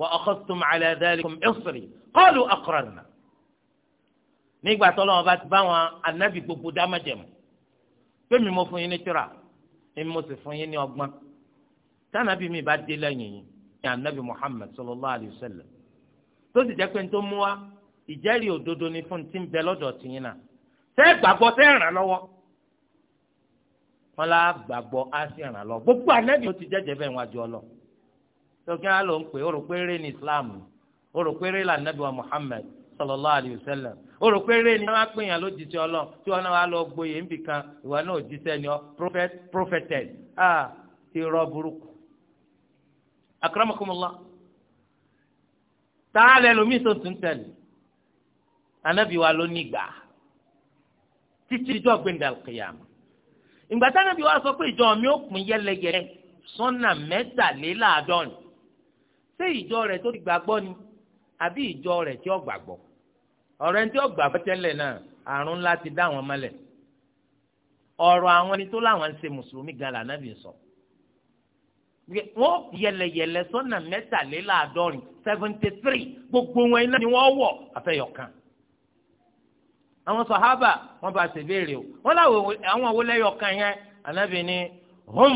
وأخذتم على ذلكم إصري قالوا أقررنا نيجي بعد الله بعد بوا النبي بوبو دامجم كم مفهومين ترى إن مفهومين أجمع تنا بمي بعد دلاني ní anabi muhammed sallallahu alayhi wa sallam tó sì jẹ́ pé ní tó mú wa ìjẹ́rìí òdodo ni fún ti ń bẹ lọ́dọ̀ tìyín náà tẹ́ gbàgbọ́ tẹ́ ràn lọ́wọ́ wọn gbàgbọ́ á sì ràn gbogbo anabi ó ti jẹ́jẹ́ bẹ́ẹ̀ wájú ọ tókè á ló ń pè ní islam là anabi wa muhammed sallallahu alayhi wa sallam ni wọn á pè yàn ọlọ tí wọn náà lọ gboyè níbì ìwà náà ni ọ prophet prophetess ah ti rọ akramakumullah tààlẹ lomi tó tún tẹlẹ anabi wa ló ní gbà títí ìjọ gbẹndà kìyàmù ìgbà tí anabi wa sọ pé ìjọ mi ò pín yẹlẹyẹlẹ sọnà mẹ́tàléláàádọ́rin ṣé ìjọ rẹ̀ tó ti gbàgbọ́ ni àbí ìjọ rẹ̀ tí ó gbàgbọ́ ọ̀rọ̀ ẹni tí ó gbàgbọ́ tẹ́lẹ̀ náà àrùn ńlá ti dá àwọn mọ́lẹ̀ ọ̀rọ̀ àwọn ẹni tó láwọn ń ṣe mùsùlùmí gan la anabi sọ. So wọ́n yẹlẹyẹlẹ sọ́nà mẹ́tàléláàádọ́rin seventy three gbogbo wọn iná ni wọ́n wọ̀ àfẹ́yọ̀kan àwọn sọ̀hábà wọ́n bá ṣe béèrè o wọ́n láwọn àwọn wo lẹ́yọ̀kan yẹn ànábì ni hum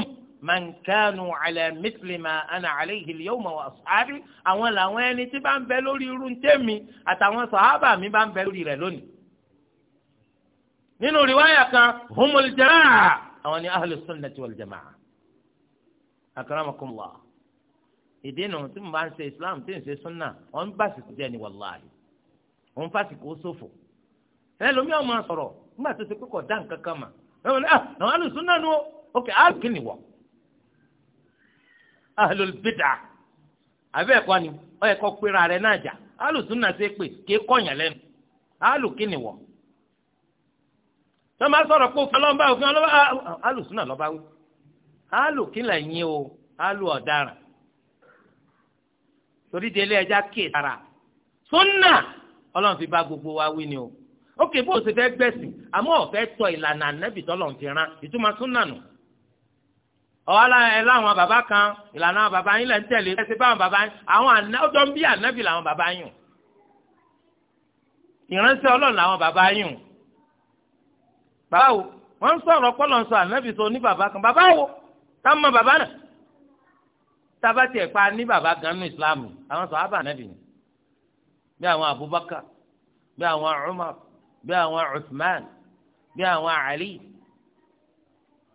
man kanu ala mithli ma ana alayhi al-yawma wa ashabi àwọn làwọn ẹni tí bá ń bẹ lórí irú tèmi àtàwọn sọ̀hábà mi bá ń bẹ lórí rẹ̀ lónìí nínú rìwáyà kan humul jamaa àwọn ni ahlus sunnati wal akramakumullah ìdí nu tí mo bá ń ṣe islam tí ṣe sunna ọ̀n básìkò jẹ́ ni wàláhì ọ̀n fásìkò ṣòfò ẹlòmíì ọmọ sọ̀rọ̀ nígbà tó ti kókò dá nǹkan kan mà ah àwọn alùsùnà nu ok alùkì ni ni ọ ẹ̀kọ́ pera rẹ̀ náà jà alùsùnà ṣe pé kí kọ̀yàn lẹ́nu alùkì ni wọ̀ tọ́ máa sọrọ pé òfin òfin alùsùnà lọba wí. àálù kílà yín o àálù ọ̀daràn torí délé ẹja kè Sara, sunna ọlọ́run fi bá gbogbo wa wí ni o ó kè bó o ṣe fẹ́ gbẹ̀sìn àmọ́ ọ̀fẹ́ tọ ìlànà ànábì tọ́lọ́run fi rán ìtumọ̀ sunna nù ọ̀hálà ẹ láwọn bàbá kan ìlànà bàbá yín lẹ́ ń tẹ̀lé ẹ ṣe báwọn bàbá yín àwọn ọjọ́ ń bí ànábì làwọn bàbá yín ìránṣẹ́ ọlọ́run làwọn bàbá yín bàbá wo wọ́n ń sọ̀rọ̀ pọ́lọ́nsọ ànábì sọ ní bàbá kan bàbá wo tá mọ bàbá náà tába tiẹ̀ pa ní bàbá ganu ìsìlámù àwọn sàhábà nàbì ni bí àwọn Abubakar bí àwọn Umar bí àwọn Uthman bí àwọn Ali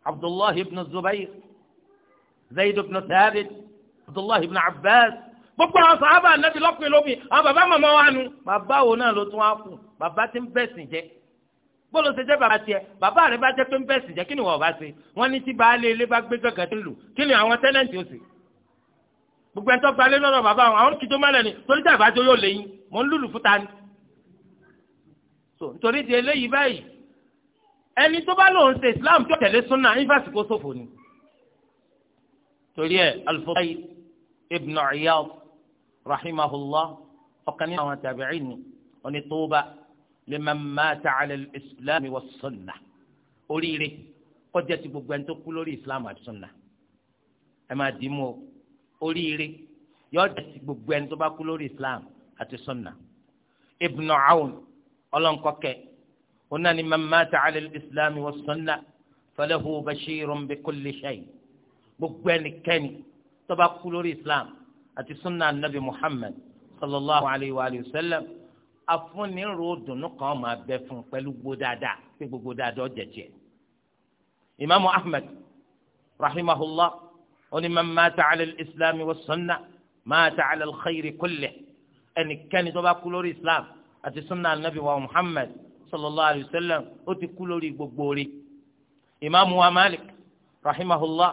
Abdullahi ibn Zubair Zayd ibn Thabit Abdullahi ibn Abbas gbogbo àwọn sàhábà nàbì lọ́kùnrin lómi àwọn bàbá màmá wa nu bàbá wo náà ló tún wá kù bàbá ti ń bẹ̀sìn jẹ́ bọ́ọ̀lù ṣe jẹ́ bàbá tiẹ̀ bàbá rẹ bá jẹ́ pé ń bẹ̀ sì jẹ́ kí ni wọ́n bá ṣe wọ́n ní tí baálé ilé bá gbé gàgà tó lù kí ni àwọn tẹ́lẹ̀ǹtì ó ṣe gbogbo ẹ̀ńtọ́ gbalé lọ́dọ̀ bàbá àwọn àwọn kìjọ mọ́lẹ̀ ni torí tí àbájọ yóò lè yín mò ń lùlù fúta ni. so nítorí di eléyìí báyìí ẹni tó bá lòun ṣe Islam tó tẹ̀lé súnà ifásitì kó sófò ni. torí ẹ al-Fudayl ibn Iyad rahimahullah ọ̀kan nínú àwọn liman mata ala al-islam wa sunnah oríire kọjá ti gbogbo ẹni tó kú lórí islam àti sunna ẹ máa dì í mú o oríire yóò jẹ ti gbogbo ẹni tó bá kú lórí islam àti sunna ibnu awn ọlọ́nkọ́kẹ́ onani mamata ala islam wa sunna falahu bashirun bi kulli shay gbogbo ẹnikẹ́ni tó bá kú lórí islam àti sunna anabi muhammad sallallahu alayhi wa sallam afúnirò dùnú kan máa bẹ fún pẹ̀lú gbogbo dáadáa pé gbogbo dáadáa jẹjẹ. imaamu ahmed rahimahullah oní man mata ala islam wa sunna mata ala alkhayri kullih ẹnikẹ́ni tó bá kú lórí islam àti sunna anabi wa muhammad sallallahu alayhi wa sallam ó ti kú lórí gbogbo rí. imaamu wa malik rahimahullah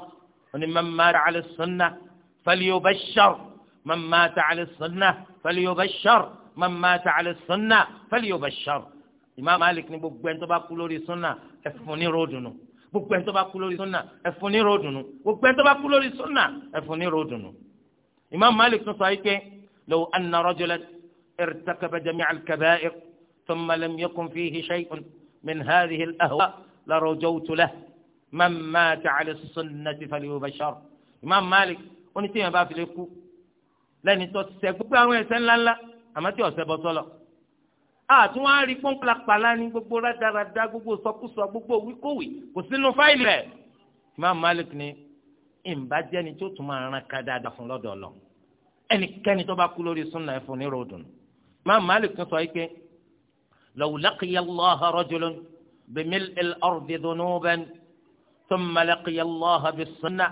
oní man mata ala sunna falyubashshar man mata ala sunna falyubashshar man mata ala sunna falyubashshar إمام مالك ní gbogbo ẹni tó bá kú lórí sunna ẹ fún ní ròdùnú gbogbo ẹni tó bá kú lórí sunna ẹ fún ní ròdùnú gbogbo ẹni tó bá kú lórí sunna ẹ fún ní ròdùnú Imam Malik tún sọ yìí pé law anna rajulan irtakaba jami'a al-kaba'ir thumma lam yakun fihi shay'un min hadhihi al-ahwa la rajawtu lahu man mata ala sunnati falyubashshar Imam Malik ó ní tí yẹn bá fi lè kú lẹ́ni tó ṣẹ̀ gbogbo àwọn ẹ̀ṣẹ̀ ńláńlá àmọ́ tí ọ̀sẹ̀ bọ́ sọ́lọ̀ àtún wá rí pọ́ńpìlà pàlà ní gbogbo rádaràda gbogbo sọkúsọ gbogbo wíkówì kò sínú fáìlì rẹ̀ Imam Malik ni ìbàjẹ́ ni tí ó tún máa rán ká dáadáa fún lọ́dọ̀ lọ ẹnikẹ́ni tó bá kú lórí súnà ẹ̀fọn ní ròdùn Imam Malik sọ yìí pé law laqiya Allaha rajulun bimil'il ardi dhunuban thumma laqiya Allaha bis-sunnah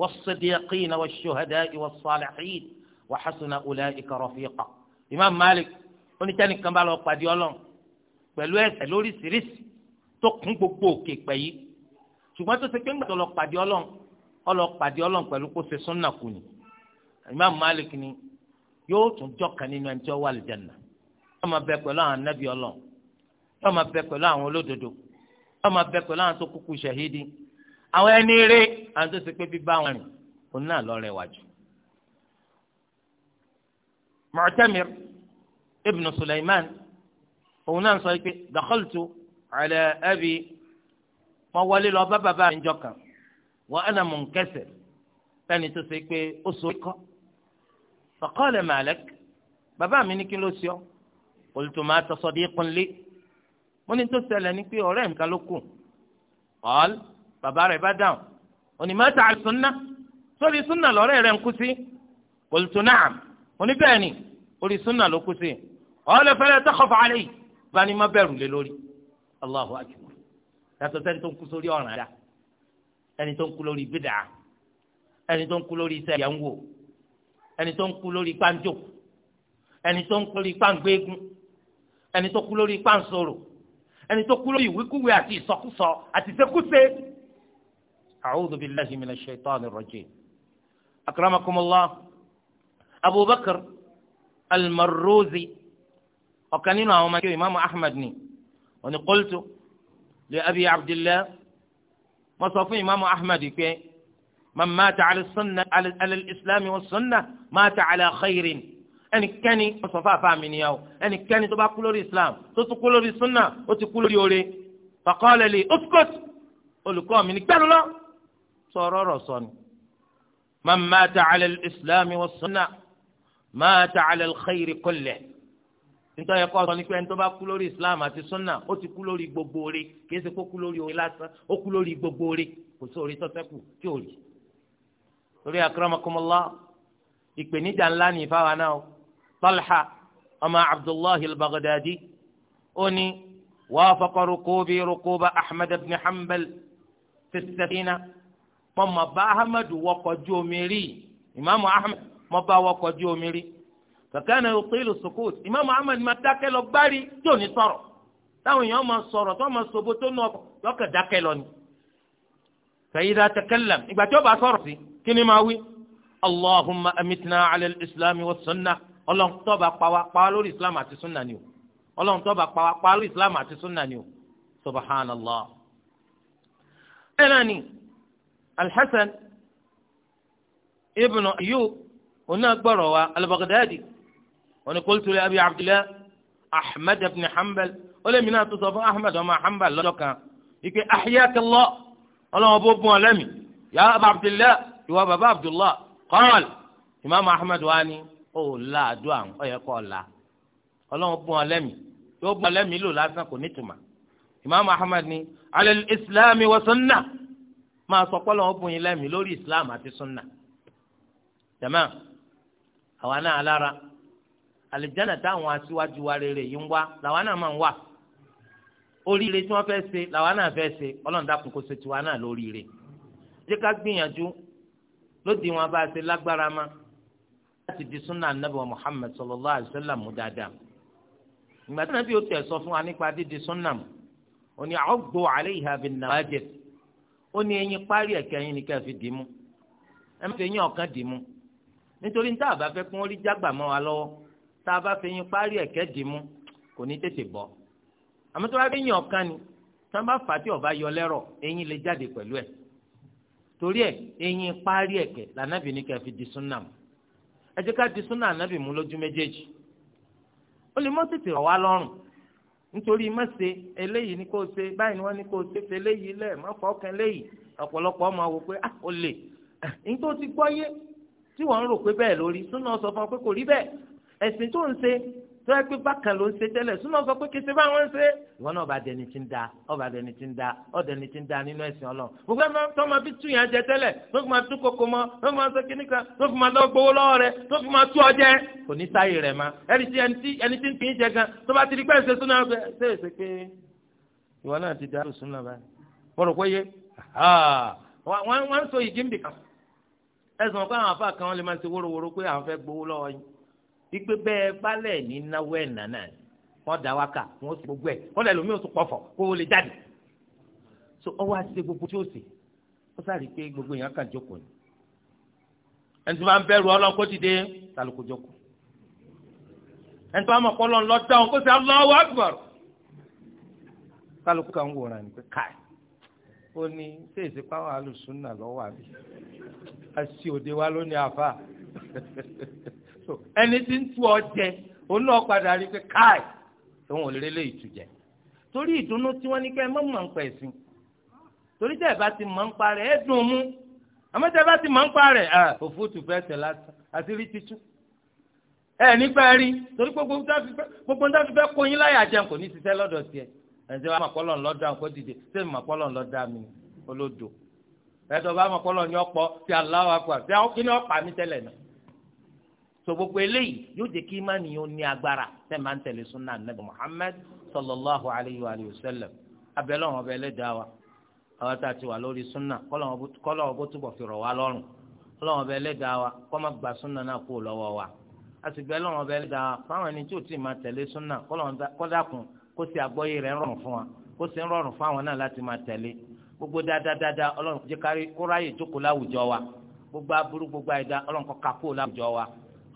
والصديقين والشهداء والصالحين وحسن أولئك رفيقا Imam Malik onítẹ̀ni kan bá lọ pàdé Ọlọ́run pẹ̀lú ẹ̀ṣẹ̀ lóríṣiríṣi tó kún gbogbo òkè pẹ̀yì ṣùgbọ́n tó ṣe pé ńgbà tó lọ pàdé Ọlọ́run ọlọ pàdé Ọlọ́run pẹ̀lú kó ṣe súnà kù ni Imam Malik ni yóò tún jọkàn nínú ẹni wà lìjànà yóò máa bẹ pẹ̀lú àwọn anábì Ọlọ́run yóò máa bẹ pẹ̀lú àwọn olódodo yóò máa bẹ pẹ̀lú àwọn tó kúkú ṣàhídì àwọn ẹni rè àwọn tó ti pé bíbá wọn rìn òun náà lọ rẹwà jù. Mu'tamir ibn Sulaiman òun náà sọ pé dakhaltu ala abi mo wọlé lọ bá bàbá mi jọ kan wa ana munkasir fẹ́ni tó ṣe pé ó so ikọ́ faqala malak bàbá mi ní kí ló ṣe ọ́ qultu ma sadiqun li mo ní tó ṣẹlẹ̀ ní pé ọ̀rẹ́ mi ló kù qal bàbá rẹ̀ bá dáhùn onímọ̀tà àlùsùnà sórí súnà lọ́rẹ́ rẹ̀ ń kú sí olùtúnà oníbẹ̀ẹ́ni orí súnà ló kú sí ọ̀ọ́lẹ̀ fẹ́lẹ́ tẹ́kọ̀fà alẹ́ yìí bá ní má bẹ̀rù lé lórí Allahu akbar yàtọ̀ sẹ́ni tó ń kú sórí ọ̀ràn dá ẹni tó ń kú lórí bídà ẹni tó ń kú lórí iṣẹ́ ìyàwó ẹni tó ń kú lórí pàǹjò ẹni tó ń kú lórí pàǹgbéegun ẹni tó kú lórí pàǹsòrò ẹni tó kú lórí ìwíkúwe àti ìsọkúsọ àti ìṣekúṣe أعوذ بالله من الشيطان الرجيم أكرمكم الله أبو بكر المروزي وكان هنا إمام أحمد ني وأنا قلت لأبي عبد الله وصف إمام أحمد كي من مات على السنة على الإسلام والسنة مات على خير ẹnikẹ́ni ọ̀sọ̀fà fáàmì nìyà o ẹnikẹ́ni tó bá kú lórí islam tó tún kú lórí sunna ó ti kú lórí oore fàkọ́lẹ̀ lè ó ti sọ̀rọ̀ ọ̀rọ̀ sọ ni. man mata ala islam wa sunna mata ala khayri kulli nítorí ẹ̀kọ́ sọ ni pé ẹni tó bá kú lórí islam àti sunna ó ti kú lórí gbogbo orí kì í ṣe kó kú lórí orí lásán ó kú lórí gbogbo orí kò sí orí tọ́sẹ́kù tí ò rí. torí akramakumullah ìpèníjà ńlá ní ìfáwa náà talha ọmọ abdullahi al-baghdadi ó ní wàá fọkọ rukubi rukuba ahmed ibn hanbal fi sẹ́fínà mo mọ̀ bá ahmed wọkọ̀ ju omi rí ìmáàmù ahmed mo bá wọkọ̀ ju omi rí kàkà náà ó pèlú sukut ìmáàmù ahmed máa dákẹ́ lọ gbárí tí ò ní sọ̀rọ̀ táwọn èèyàn máa sọ̀rọ̀ tó máa sobo tó nù ọkọ̀ lọ́kẹ̀ dákẹ́ lọ ni. fẹ̀yìdá tẹkẹ́lẹ̀m ìgbà tí ó bá sọ̀rọ̀ sí kí ni máa wí. allahumma amitna ala islam wa sunna ọlọ́run bá pa wá pa wá lórí islam àti sunna ni o ọlọ́run bá pa wá pa wá lórí islam àti sunna ni o subhanallah. ẹ náà ni alḥasan ibnu ayub oní agbọrọ wa albaghdadi wọn ni qultu li abi abdillah ahmed ibn hanbal ó lè mìíràn tó sọ fún ahmed ọmọ hanbal lọ́jọ́ kan ìpè ahyaka Allah ọlọ́wọ́n bó bùn ọ lẹ́mìí ya aba abdillah ìwà baba abdullah qala imaamu ahmed wani ó la àdúrà ó yẹ kó la ọlọ́wọ́n bùn ọ lẹ́mìí yóò bùn ọ lẹ́mìí imaamu ahmed ni alẹ́ islámi wa sunnah máa sọ pé lọ́wọ́ bùn yín lẹ́mìí lórí islam àti sunna jama àwa náà alára àlìjáná táwọn aṣíwájú wa rere yìí ń wá làwa náà máa ń wà oríire tí wọ́n fẹ́ ṣe làwa náà fẹ́ ṣe ọlọ́run dákun kó ṣe tiwa náà lóríire jẹ́ ká gbìyànjú lóde wọn bá ṣe lágbára ma láti di sunna anabi wa muhammed sallallahu alayhi wa sallam mu dáadáa ìgbà tí wọn bí o tẹ̀ sọ fún wa nípa dídi sunna mu òní àgbo àlẹ́ ìhàbí nàwájẹ́ ó ní eyín parí ẹ̀kẹ́ yín ni ká fi dì í mú ẹ má fi eyín ọ̀kan dì í mú nítorí tá a bá fẹ́ kún orí jágbà mọ́ wa lọ́wọ́ tá a bá fi eyín parí ẹ̀kẹ́ dì í mú kò ní tètè bọ́ àmọ́ tó bá fi eyín ọ̀kan ni tí bá fà á tí ọ̀bá yọ lẹ́rọ̀ eyín lè jáde pẹ̀lú ẹ̀ torí ẹ̀ eyín parí ẹ̀kẹ́ lànàbì ni ká fi di súnà mú ẹ jẹ́ ká di súnà ànàbì mú lójú méjèèjì ó lè mọ́ tètè rọ̀ wá lọ́rùn nítorí má ṣe eléyìí ni kò ṣe báyìí ni wọ́n ní kò ṣe ṣe eléyìí lẹ̀ má fọkàn eléyìí ọ̀pọ̀lọpọ̀ ọmọ wò pé ah olè ní tó ti gbọ́ yé tí wọ́n ń rò pé bẹ́ẹ̀ lórí súnà sọ fún ọ pé kò rí bẹ́ẹ̀ ẹ̀sìn tó ń ṣe tó yẹ pé bákan ló ń ṣe tẹ́lẹ̀ súnà sọ pé kìsì bá wọn ṣe. ìwọ náà ọba dẹni ti ń da ọba dẹni ti ń da ọdẹni ti ń da nínú ẹ̀sìn Ọlọ́run. gbogbo ẹgbẹ́ tó máa fi tú yàn jẹ tẹ́lẹ̀ tó fi máa tú koko mọ́ tó fi máa sọ kíní kan tó fi máa lọ gbowó lọ́wọ́ rẹ tó fi máa tú ọ jẹ. kò ní sáyé rẹ ma ẹni tí ẹni tí ń kì jẹ gan tó bá ti di pẹ́ẹ́sẹ̀ súnà ṣe ìgbé bẹ́ẹ̀ balẹ̀ ní náwó ẹ̀ nànà wọ́n da wákà wọ́n sọ gbogbo ẹ̀ wọ́n lẹ́ lómi ò tún pọ̀fọ̀ kó o lè jáde. so ọwọ́ àti gbogbo tí ó sè ó sáré pé gbogbo èèyàn kàn jókòó ni ẹni tó bá ń bẹ̀rù ọlọ́run kó ti dé tàlùkù jókòó ẹni tó bá mọ̀ kọ́ lọ́n lọ dáhùn kó sì á lọ́wọ́ àgbọ̀rọ̀ kálukú kan wòran ní pé káì ó ní ṣèṣe pàwọn alùsùn náà lọ́wọ́ àbí so ẹni tí ń tú ọ jẹ òun náà padà rí i pé káì òun ò lè lè ìtú jẹ torí ìdùnnú tí wọ́n ní kẹ́ ẹ mọ̀ mọ̀ ń pa ẹ̀sìn torí tẹ́ ẹ bá ti mọ̀ ń pa rẹ̀ ẹ dùn mú àmọ́ tẹ́ ẹ bá ti mọ̀ ń pa rẹ̀ òfútu fẹ́ tẹ̀ lásán àti rí títú ẹ nípa rí torí gbogbo ń dáfi fẹ́ kóyin láyà jẹun kò ní ṣiṣẹ́ lọ́dọ̀ tiẹ̀ ẹ̀sẹ̀ wa màkọ́lọ̀ ńlọ́dọ̀ àwọn kò dìde sẹ́mi màkọ́lọ̀ ńlọ́dọ̀ mi olódò ẹ̀dọ̀ bá màkọ́lọ̀ ní ọ̀pọ̀ ti aláwọ̀ àpò àti kí ni ọ̀pá mi tẹ́lẹ̀ náà so gbogbo eléyìí yóò jẹ́ kí imáni yóò ní agbára tẹ́ máa ń tẹ̀lé sunna nabi muhammad sallallahu alayhi wa sallam abẹ́lẹ́ wọn bẹ́ẹ̀ lẹ́dàá wa àwọn tá a ti wà lórí sunna kọ́lọ́wọ́ bó túbọ̀ fi rọ̀ wá lọ́rùn kọ́lọ́wọ́ bẹ́ẹ̀ lẹ́dàá wa kọ́ má gba sunna náà kú lọ́wọ́ wa àtìgbẹ́ lọ́wọ́ bẹ́ẹ̀ lẹ́dàá wa fáwọn ẹni tí ò tí ì máa tẹ̀lé sunna kọ́dàkùn kó sì àgbọ́yé rẹ̀ rọrùn fún wa kó sì ń rọrùn fún àwọn náà láti máa tẹ̀lé gbogbo dáadáa ọlọ́run kó jẹ́ kárí kó ráyè jókòó láwùjọ wa gbogbo aburú gbogbo àìdá ọlọ́run kó kakó láwùjọ wa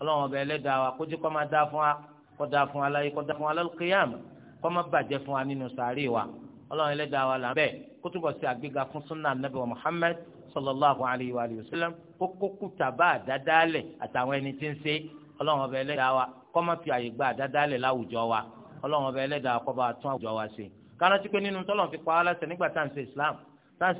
ọlọ́run ọba ẹlẹ́dàá wa kójú kọ́ máa dá fún wa kó dá fún wa láyé kó dá fún wa lálùkíyàmá kó má bàjẹ́ fún wa nínú sàárè wa ọlọ́run ẹlẹ́dàá wa là ń bẹ̀ kó túbọ̀ sí àgbéga fún sunna anabi wa muhammad sallallahu alayhi wa sallam kó kókú tàbá àdádálẹ̀ àtàwọn ẹni tí ń ṣe ọlọ́run ọba ẹlẹ́dàá wa kó má fi àyè gba àdádálẹ̀ láwùjọ wa ọlọ́run ọba ẹlẹ́dàá kó bá wa ṣe islam tá à ń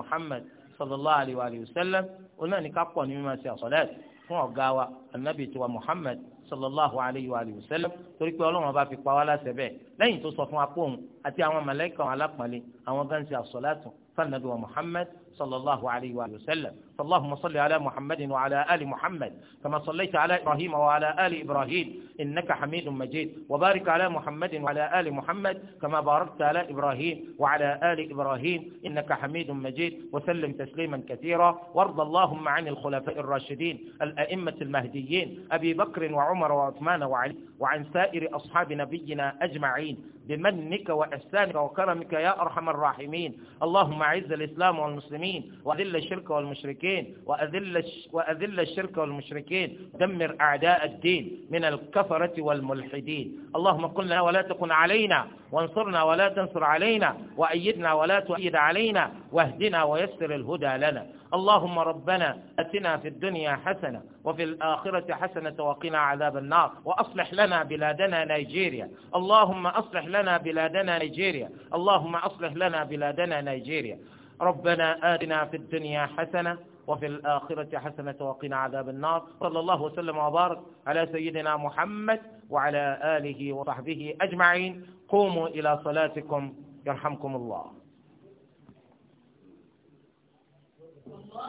muhammad sallallahu alayhi wa sallam onáà ní ká pọ̀ fún ọ̀gá wa anabi tiwa muhammed sallallahu alayhi wa sallam torí pé ọlọ́run bá fi pa wá láṣẹ bẹ́ẹ̀ lẹ́yìn tó sọ fún apóhùn àti àwọn màláíkà alápọ̀nlé àwọn gánsì àsọ̀látù fún anabi wa muhammed صلى الله عليه وآله وسلم فاللهم صل على محمد وعلى آل محمد كما صليت على إبراهيم وعلى آل إبراهيم إنك حميد مجيد وبارك على محمد وعلى آل محمد كما باركت على إبراهيم وعلى آل إبراهيم إنك حميد مجيد وسلم تسليما كثيرا وارض اللهم عن الخلفاء الراشدين الأئمة المهديين أبي بكر وعمر وعثمان وعلي وعن سائر أصحاب نبينا أجمعين بمنك وإحسانك وكرمك يا أرحم الراحمين اللهم عز الإسلام والمسلمين المسلمين وأذل الشرك والمشركين وأذل, وأذل الشرك والمشركين دمر أعداء الدين من الكفرة والملحدين اللهم قل لنا ولا تكن علينا وانصرنا ولا تنصر علينا وأيدنا ولا تؤيد علينا واهدنا ويسر الهدى لنا اللهم ربنا أتنا في الدنيا حسنة وفي الآخرة حسنة وقنا عذاب النار وأصلح لنا بلادنا نيجيريا اللهم أصلح لنا بلادنا نيجيريا اللهم أصلح لنا بلادنا نيجيريا ربنا آتنا في الدنيا حسنة وفي الآخرة حسنة وقنا عذاب النار صلى الله وسلم وبارك على سيدنا محمد وعلى آله وصحبه أجمعين قوموا إلى صلاتكم يرحمكم الله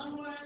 الله